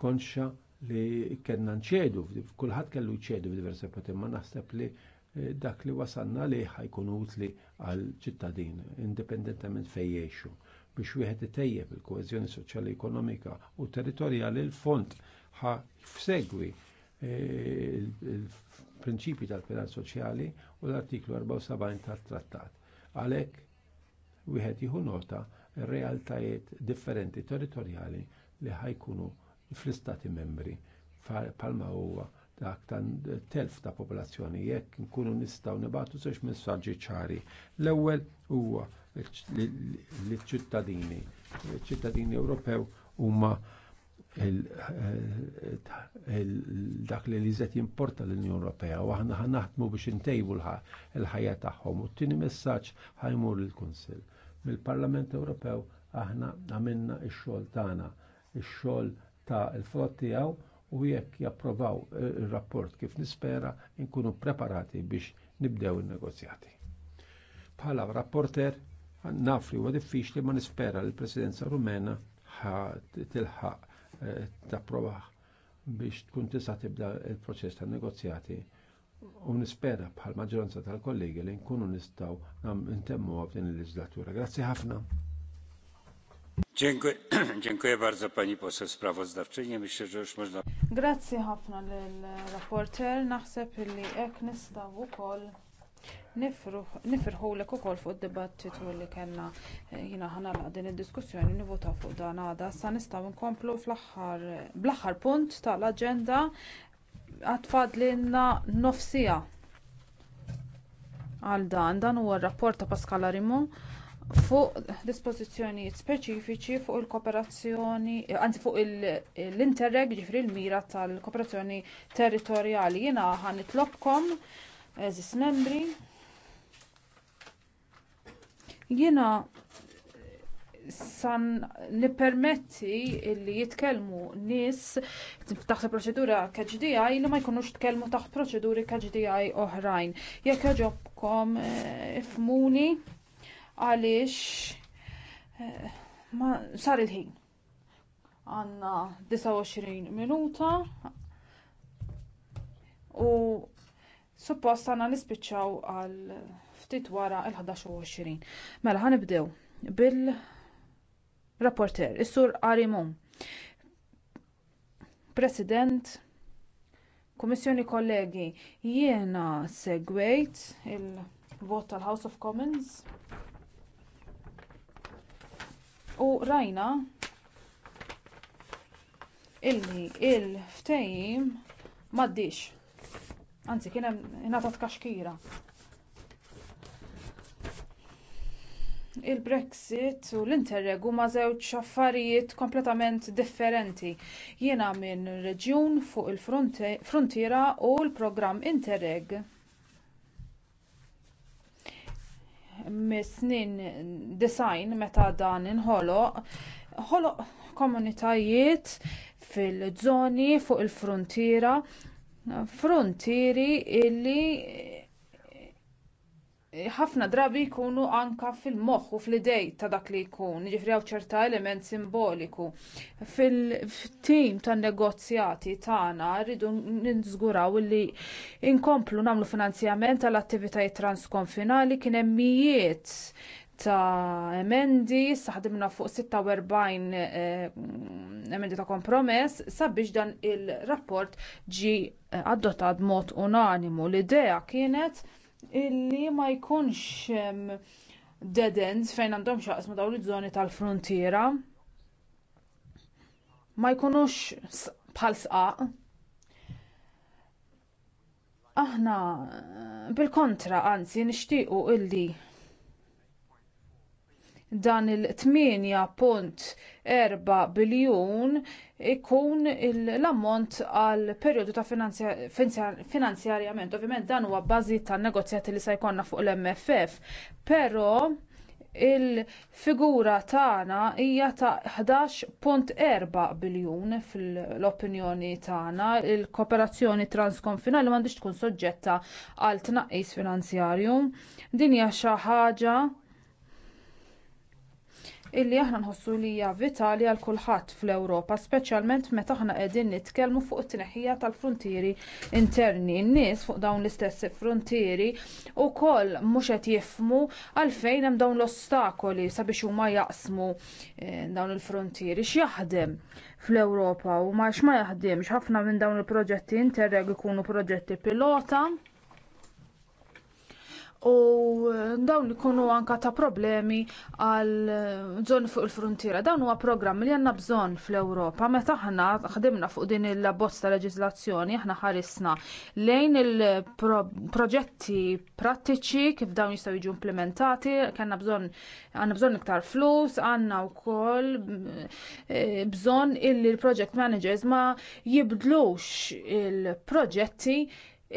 konxa li kellna nċedu, kulħadd kellu jċedu f'diversi pati, ma naħseb li eh, dak li wasanna li ħajkun utli għal ċittadin, indipendentament fejjexu biex wieħed itejjeb il koezjoni soċjali ekonomika u territorjali l-fond ħa fsegwi eh, il-prinċipi tal-pilar soċjali u l-artiklu 74 tal-trattat. Għalhekk wieħed jieħu nota realtajiet differenti territorjali li ħajkunu fl-istati membri palma huwa dak ta' telf ta' popolazzjoni jekk nkunu nistgħu nibatu sex messaġġi ċari. L-ewwel huwa li ċittadini, ċittadini Ewropew huma eh, dak li li zet jimporta l-Unjoni Ewropea u aħna ħanaħdmu biex intejbu l-ħajja tagħhom. U t-tieni messaġġ ħajmur lill-Kunsill. Mill-Parlament Ewropew aħna għamilna x-xogħol tagħna, x-xogħol ta' il-flott tiegħu u jekk japprovaw eh, ir-rapport kif nispera nkunu preparati biex nibdew in-negozjati. Bħala rapporter naf li huwa diffiċli ma nispera li l-Presidenza Rumena tilħaq eh, tapprova biex tkun tisa tibda il-proċess tan negozjati u nispera bħal maġġoranza tal-kollegi li nkunu nistgħu ntemmu f'din il-leġislatura. Grazzi ħafna. Dziękuję Grazzi ħafna lill-rapporter. Naħseb illi hekk nistgħu wkoll nifirħulek ukoll fuq id-dibattitu li kellna jiena ħanalaq din id-diskussjoni nivvotaw fuq dan għada. Sa nistgħu nkomplu fl-aħħar bl-aħħar punt tal-aġenda għad fadlilna nofsija għal dan dan huwa r-rapport ta' Pascal Arimont fuq dispożizzjonijiet speċifiċi fuq il-kooperazzjoni anzi fuq l-interreg jiġifieri l-mira tal-kooperazzjoni territorjali jiena ħanitlobkom eżis membri jiena san nippermetti li jitkellmu nies taħt il-proċedura KHDI li ma jkunux tkellmu taħt proċeduri KGDI oħrajn. Jekk jogħġobkom ifhmuni. Eh, għaliex eh, ma sar il-ħin. Għanna 29 minuta u suppost għanna nispiċċaw għal ftit wara il-11 Mela ħanibdew bil-rapporter, is-sur Arimon. President, Kommissjoni kollegi, jiena segwejt il-vot tal-House of Commons U rajna illi il-ftejim maddix. Anzi, kien hemm ingħatat kaxkira. Il-Brexit u l-Interreg huma żewġ affarijiet kompletament differenti. Jiena minn reġjun fuq il-frontiera u l-programm Interreg mis-snin design meta dan inħoloq, ħoloq komunitajiet fil-żoni fuq il-frontiera, frontieri illi ħafna drabi jkunu anke fil-moħħ u fl-idej ta' dak li jkun, jiġifieri hawn ċerta element simboliku. Fil-tim tan-negozjati tagħna rridu niżguraw li inkomplu nagħmlu finanzjament għall attivitajiet transkonfinali kien hemm mijiet ta' emendi, saħdimna fuq 46 eh, emendi ta' kompromess, sabiex dan ir rapport ġie eh, adottat b'mod unanimu. L-idea kienet illi ma jkunx dead ends fejn għandhom xaqsmu dawn iż-żoni tal-frontiera ma jkunux bħal sqaq. Aħna bil-kontra anzi nixtiequ illi dan il-8.4 biljun ikun l-ammont għal perjodu ta' finanzjarjament. Ovvijament dan huwa bażi tan negozjati li se jkollna fuq l-MFF, però il-figura tagħna hija ta' 11.4 biljun fl-opinjoni tagħna il-kooperazzjoni transkonfinali m'għandix tkun soġġetta għal tnaqqis finanzjarju. Din hija xi ħaġa illi aħna nħossu li hija vitali għal kulħadd fl-Ewropa, speċjalment meta aħna qegħdin nitkellmu fuq it-tneħħija tal-frontieri interni. N-nies fuq dawn l-istess frontieri wkoll mhux qed jifhmu għalfejn hemm dawn l-ostakoli sabiex huma jaqsmu eh, dawn il-frontieri x'jaħdem fl-Ewropa u ma x'ma jaħdimx ħafna minn dawn il-proġetti interreg ikunu proġetti pilota u eh, dawn ikunu anka ta' problemi għal żoni eh, fuq il-frontiera. Dawn huwa programm li għandna bżonn fl-Ewropa. Meta aħna ħdimna fuq din il ta' leġislazzjoni, aħna ħarisna lejn il-proġetti prattiċi kif dawn jistgħu jiġu implementati, kanna bżonn għandna bżonn iktar flus, għandna wkoll eh, bżonn illi il project managers ma jibdlux il-proġetti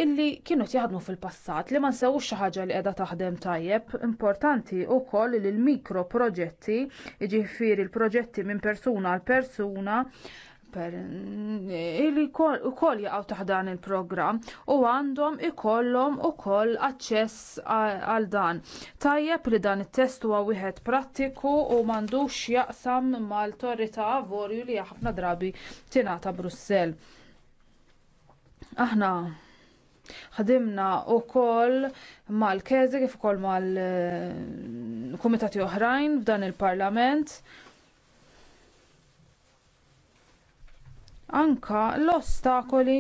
illi kienu jaħdmu fil-passat li ma nsewux xi ħaġa li qiegħda taħdem tajjeb. Importanti wkoll li l-mikro proġetti, jiġifieri l-proġetti minn persuna għal persuna, per, illi ukoll jaqgħu taħdan il-programm u għandhom ikollhom ukoll aċċess għal dan. Tajjeb li dan it-test huwa wieħed prattiku u m'għandux jaqsam mal-torrità avorju li ħafna drabi tingħata Brussell. Aħna Ħadimna wkoll mal-Kezi kif ukoll mal-kumitati eh, oħrajn f'dan il-Parlament. Anka l-ostakoli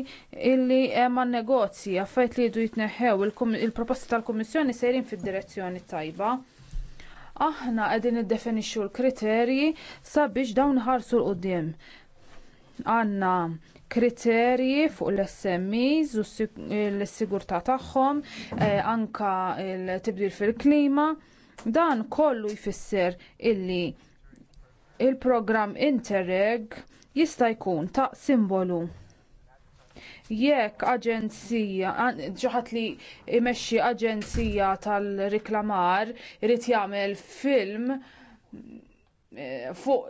illi hemm negozji affajt li jdu jitneħħew il-proposti tal-Kummissjoni sejrin fid-direzzjoni tajba aħna qegħdin niddefinixxu l-kriterji sabiex dawn ħarsu l qudiem għandna kriterji fuq l-SMEs u l-sigurtà tagħhom, eh, anke l-tibdil fil-klima. Dan kollu jfisser illi il-programm Interreg jista' jkun ta' simbolu. Jekk aġenzija, ġaħat li imexxi aġenzija tal-riklamar irid jagħmel film fuq,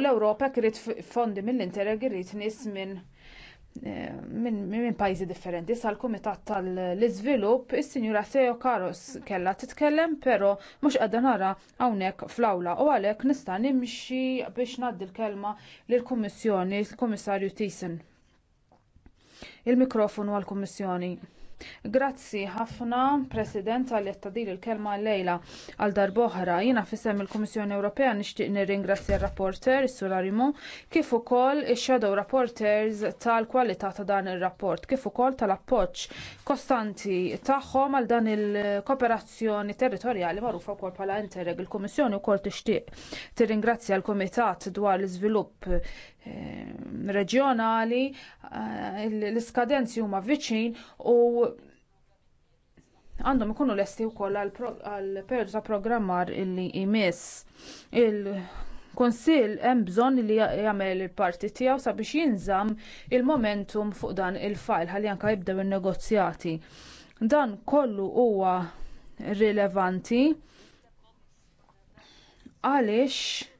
l-Ewropa kriet fondi mill-Interreg irrit nis eh, minn minn min pajzi differenti sal kumitat tal-iżvilupp is-sinjura Theo Karos kellha titkellem però mhux għadda nara hawnhekk fl-awla u għalhekk nista' nimxi biex ngħaddi l-kelma lill-Kummissjoni l-Kummissarju Tisen. Il-mikrofonu għall-Kummissjoni. Grazzi ħafna, President, għal jattadir il-kelma lejla għal darboħra. Jina fissem il-Komissjoni Ewropea nishtiq nirringrazzja il-rapporter, Sur Arimo, kif ukoll il-Shadow Rapporters tal-kwalità ta' dan il-rapport, kif ukoll tal-appoġġ kostanti tagħhom għal dan il-kooperazzjoni territorjali magħrufa wkoll bħala Interreg. Il-Komissjoni wkoll tixtieq tirringrazzja l-Kumitat dwar l-iżvilupp Ehm, reġjonali, eh, l-iskadenzi huma viċin u għandhom ikunu lesti wkoll għal periodu ta' programmar illi jmiss. Il-Konsil hemm bżonn li jagħmel il-parti tiegħu sabiex jinżamm il-momentum fuq dan il-fajl ħalli anke jibdew in-negozjati. Dan kollu huwa rilevanti għaliex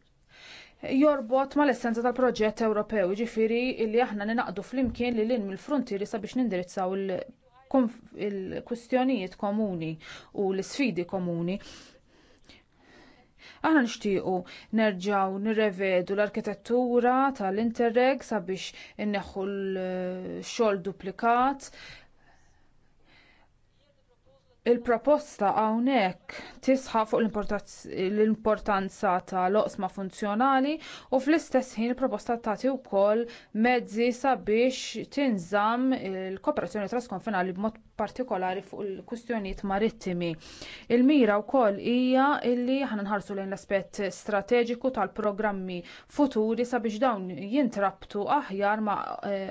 jorbot mal essenza tal-proġett Ewropew, ġifiri illi aħna ninaqdu flimkien li l-in mill-frontieri sabiex nindirizzaw il-kwistjonijiet komuni u l-sfidi komuni. Aħna nixtiequ nerġgħu nirrevedu l-arkitettura tal-Interreg sabiex inneħħu l-xogħol duplikat Il-proposta hawnhekk tisħa fuq l-importanza ta' loqsma funzjonali u fl-istess ħin il-proposta tagħti wkoll mezzi sabiex tinżamm il-kooperazzjoni transkonfinali b'mod partikolari fuq il-kwistjonijiet marittimi. Il-mira wkoll hija li ħana nħarsu lejn l-aspett strateġiku tal-programmi futuri sabiex dawn jintrabtu aħjar ma' eh,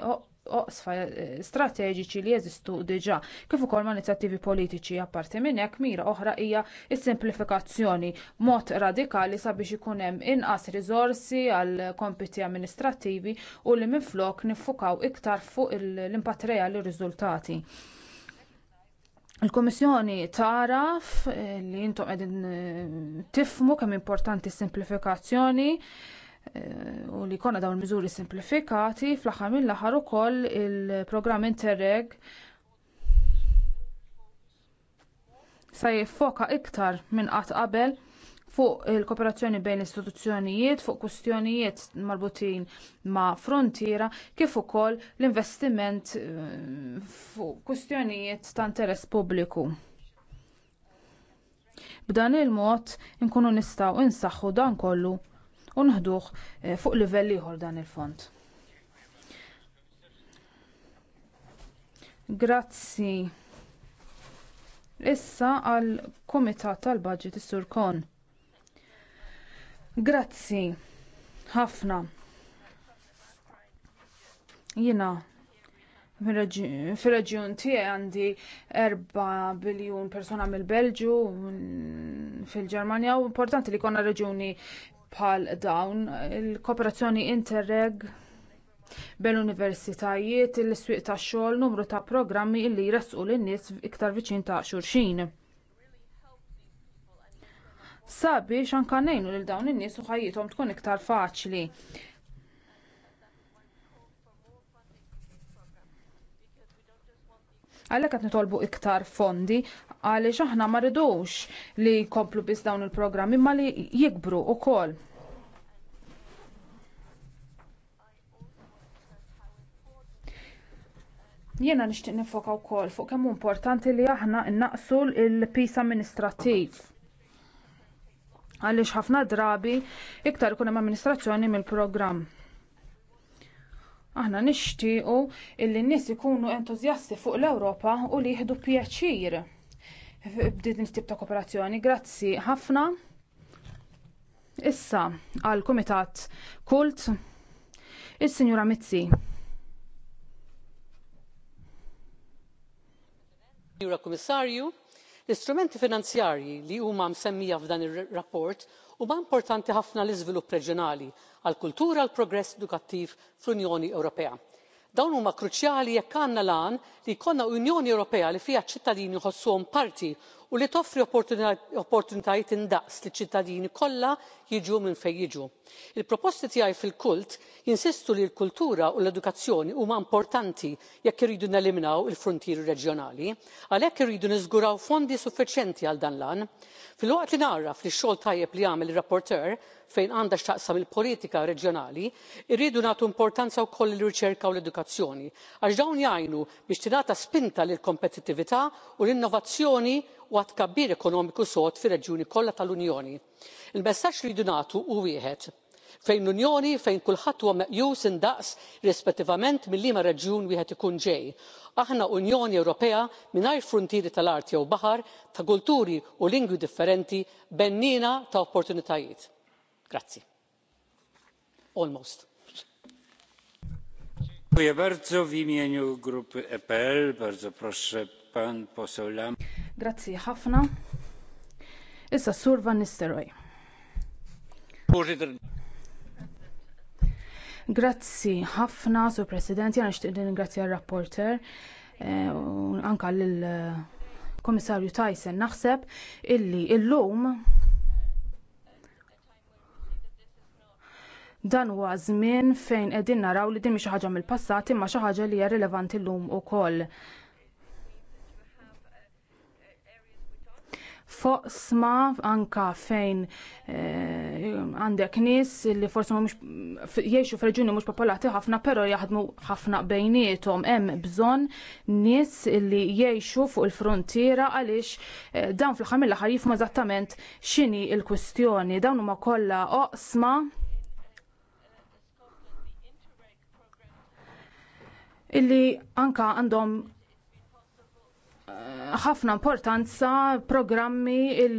oqsfa eh, strateġiċi li jeżistu diġà kif ukoll ma' inizjattivi politiċi apparti minn hekk mira oħra hija s-simplifikazzjoni mod radikali sabiex ikun hemm inqas riżorsi għal kompiti amministrattivi u li minflok niffukaw iktar fuq l-impatt reali r-riżultati. Il-Komissjoni taraf eh, li intom qegħdin eh, tifmu kemm importanti s-simplifikazzjoni Eh, u li konna dawn miżuri simplifikati fl-aħħar mill-aħħar ukoll il-programm Interreg se jiffoka iktar minn qatt qabel fuq il-kooperazzjoni bejn istituzzjonijiet fuq kwistjonijiet marbutin ma' frontiera kif ukoll l-investiment eh, fuq kwistjonijiet ta' interess pubbliku. B'dan il-mod inkunu nistgħu insaħħu dan kollu u nħduh eh, fuq livell ieħor dan il-fond. Grazzi. Issa għal Kumitat tal-Budget is-Sur Kon. Grazzi ħafna. Jiena fil-reġjun tiegħi għandi 4 biljun persuna mill-Belġju mm, fil-Ġermanja u importanti li konna reġjuni bħal dawn il-kooperazzjoni interreg bejn universitajiet il-swieq tax-xogħol numru ta' programmi li jressqu lin-nies iktar viċin ta' xulxin sabiex anke ngħinu lil dawn in-nies u ħajjithom tkun iktar faċli Għalhekk qed nitolbu iktar fondi għaliex aħna ma rridux li jkomplu biss dawn il-programmi ma li jikbru wkoll. Jiena nixtieq nifoka wkoll fuq kemm importanti li aħna nnaqsu l-pis amministrattiv. Għaliex ħafna drabi iktar ikun hemm amministrazzjoni mill-programm. Aħna nixtiequ illi n-nies ikunu entużjasti fuq l-Ewropa u li jieħdu pjaċir b'din tip ta' kooperazzjoni. Grazzi ħafna. Issa għal Kumitat Kult is-Sinjura Mizzi. Jura Kummissarju, l-istrumenti finanzjarji li huma msemmija f'dan ir-rapport huma importanti ħafna l iżvilupp reġjonali għall-kultura u għall-progress edukattiv fl-unjoni ewropea. dawn huma kruċjali jekk għandna lan li jkollna unjoni ewropea li fiha ċ ċittadini jħossuhom parti u li toffri opportunitajiet indaqs liċ-ċittadini kollha jiġu minn fejn jiġu. il proposti tiegħi fil-kult jinsistu li l-kultura u l-edukazzjoni huma importanti jekk iridu neliminaw il frontieri reġjonali għalhekk irridu niżguraw fondi suffiċjenti għal dan l-għan. filwaqt li nara li x-xogħol tajjeb li jagħmel ir-rapporteur fejn għandha x'taqsam il-politika reġjonali jridu nagħtu importanza wkoll il riċerka u l-edukazzjoni għax dawn jgħinu biex tingħata spinta lill-kompetittività u l-innovazzjoni u għad ekonomiku sod fir-reġjuni kollha tal-unjoni. il-messaġġ li jdu nagħtu hu wieħed fejn unjoni fejn kulħadd huwa meqjus indaqs rispettivament minn liema reġjun wieħed ikun ġej. aħna unjoni ewropea mingħajr fruntieri tal art jew baħar ta' kulturi u lingwi differenti bennina ta' opportunitajiet. grazzi. almost. dziękuję bardzo. w imieniu grupy epl bardzo proszę Grazzi ħafna. Issa Sur Van Nistelrooy. Grazzi ħafna, Sur President, jana xtiq ringrazzja l rapporter eh, u anka l-Komissarju eh, Tyson naħseb illi illum dan huwa żmien fejn qegħdin naraw li din mhi xi ħaġa mill-passat imma xi ħaġa li hija rilevanti llum ukoll. sma anka fejn eh, għandek nis nies li forsi mhumiex jgħixu f'reġuni mhux popolati ħafna però jaħdmu ħafna bejniethom hemm bżonn nies li jgħixu fuq il-frontiera għaliex eh, dawn fl ħamilla mill jifhmu eżattament x'inhi l-kwistjoni dawn huma kollha oqsma illi anka għandhom ħafna importanza programmi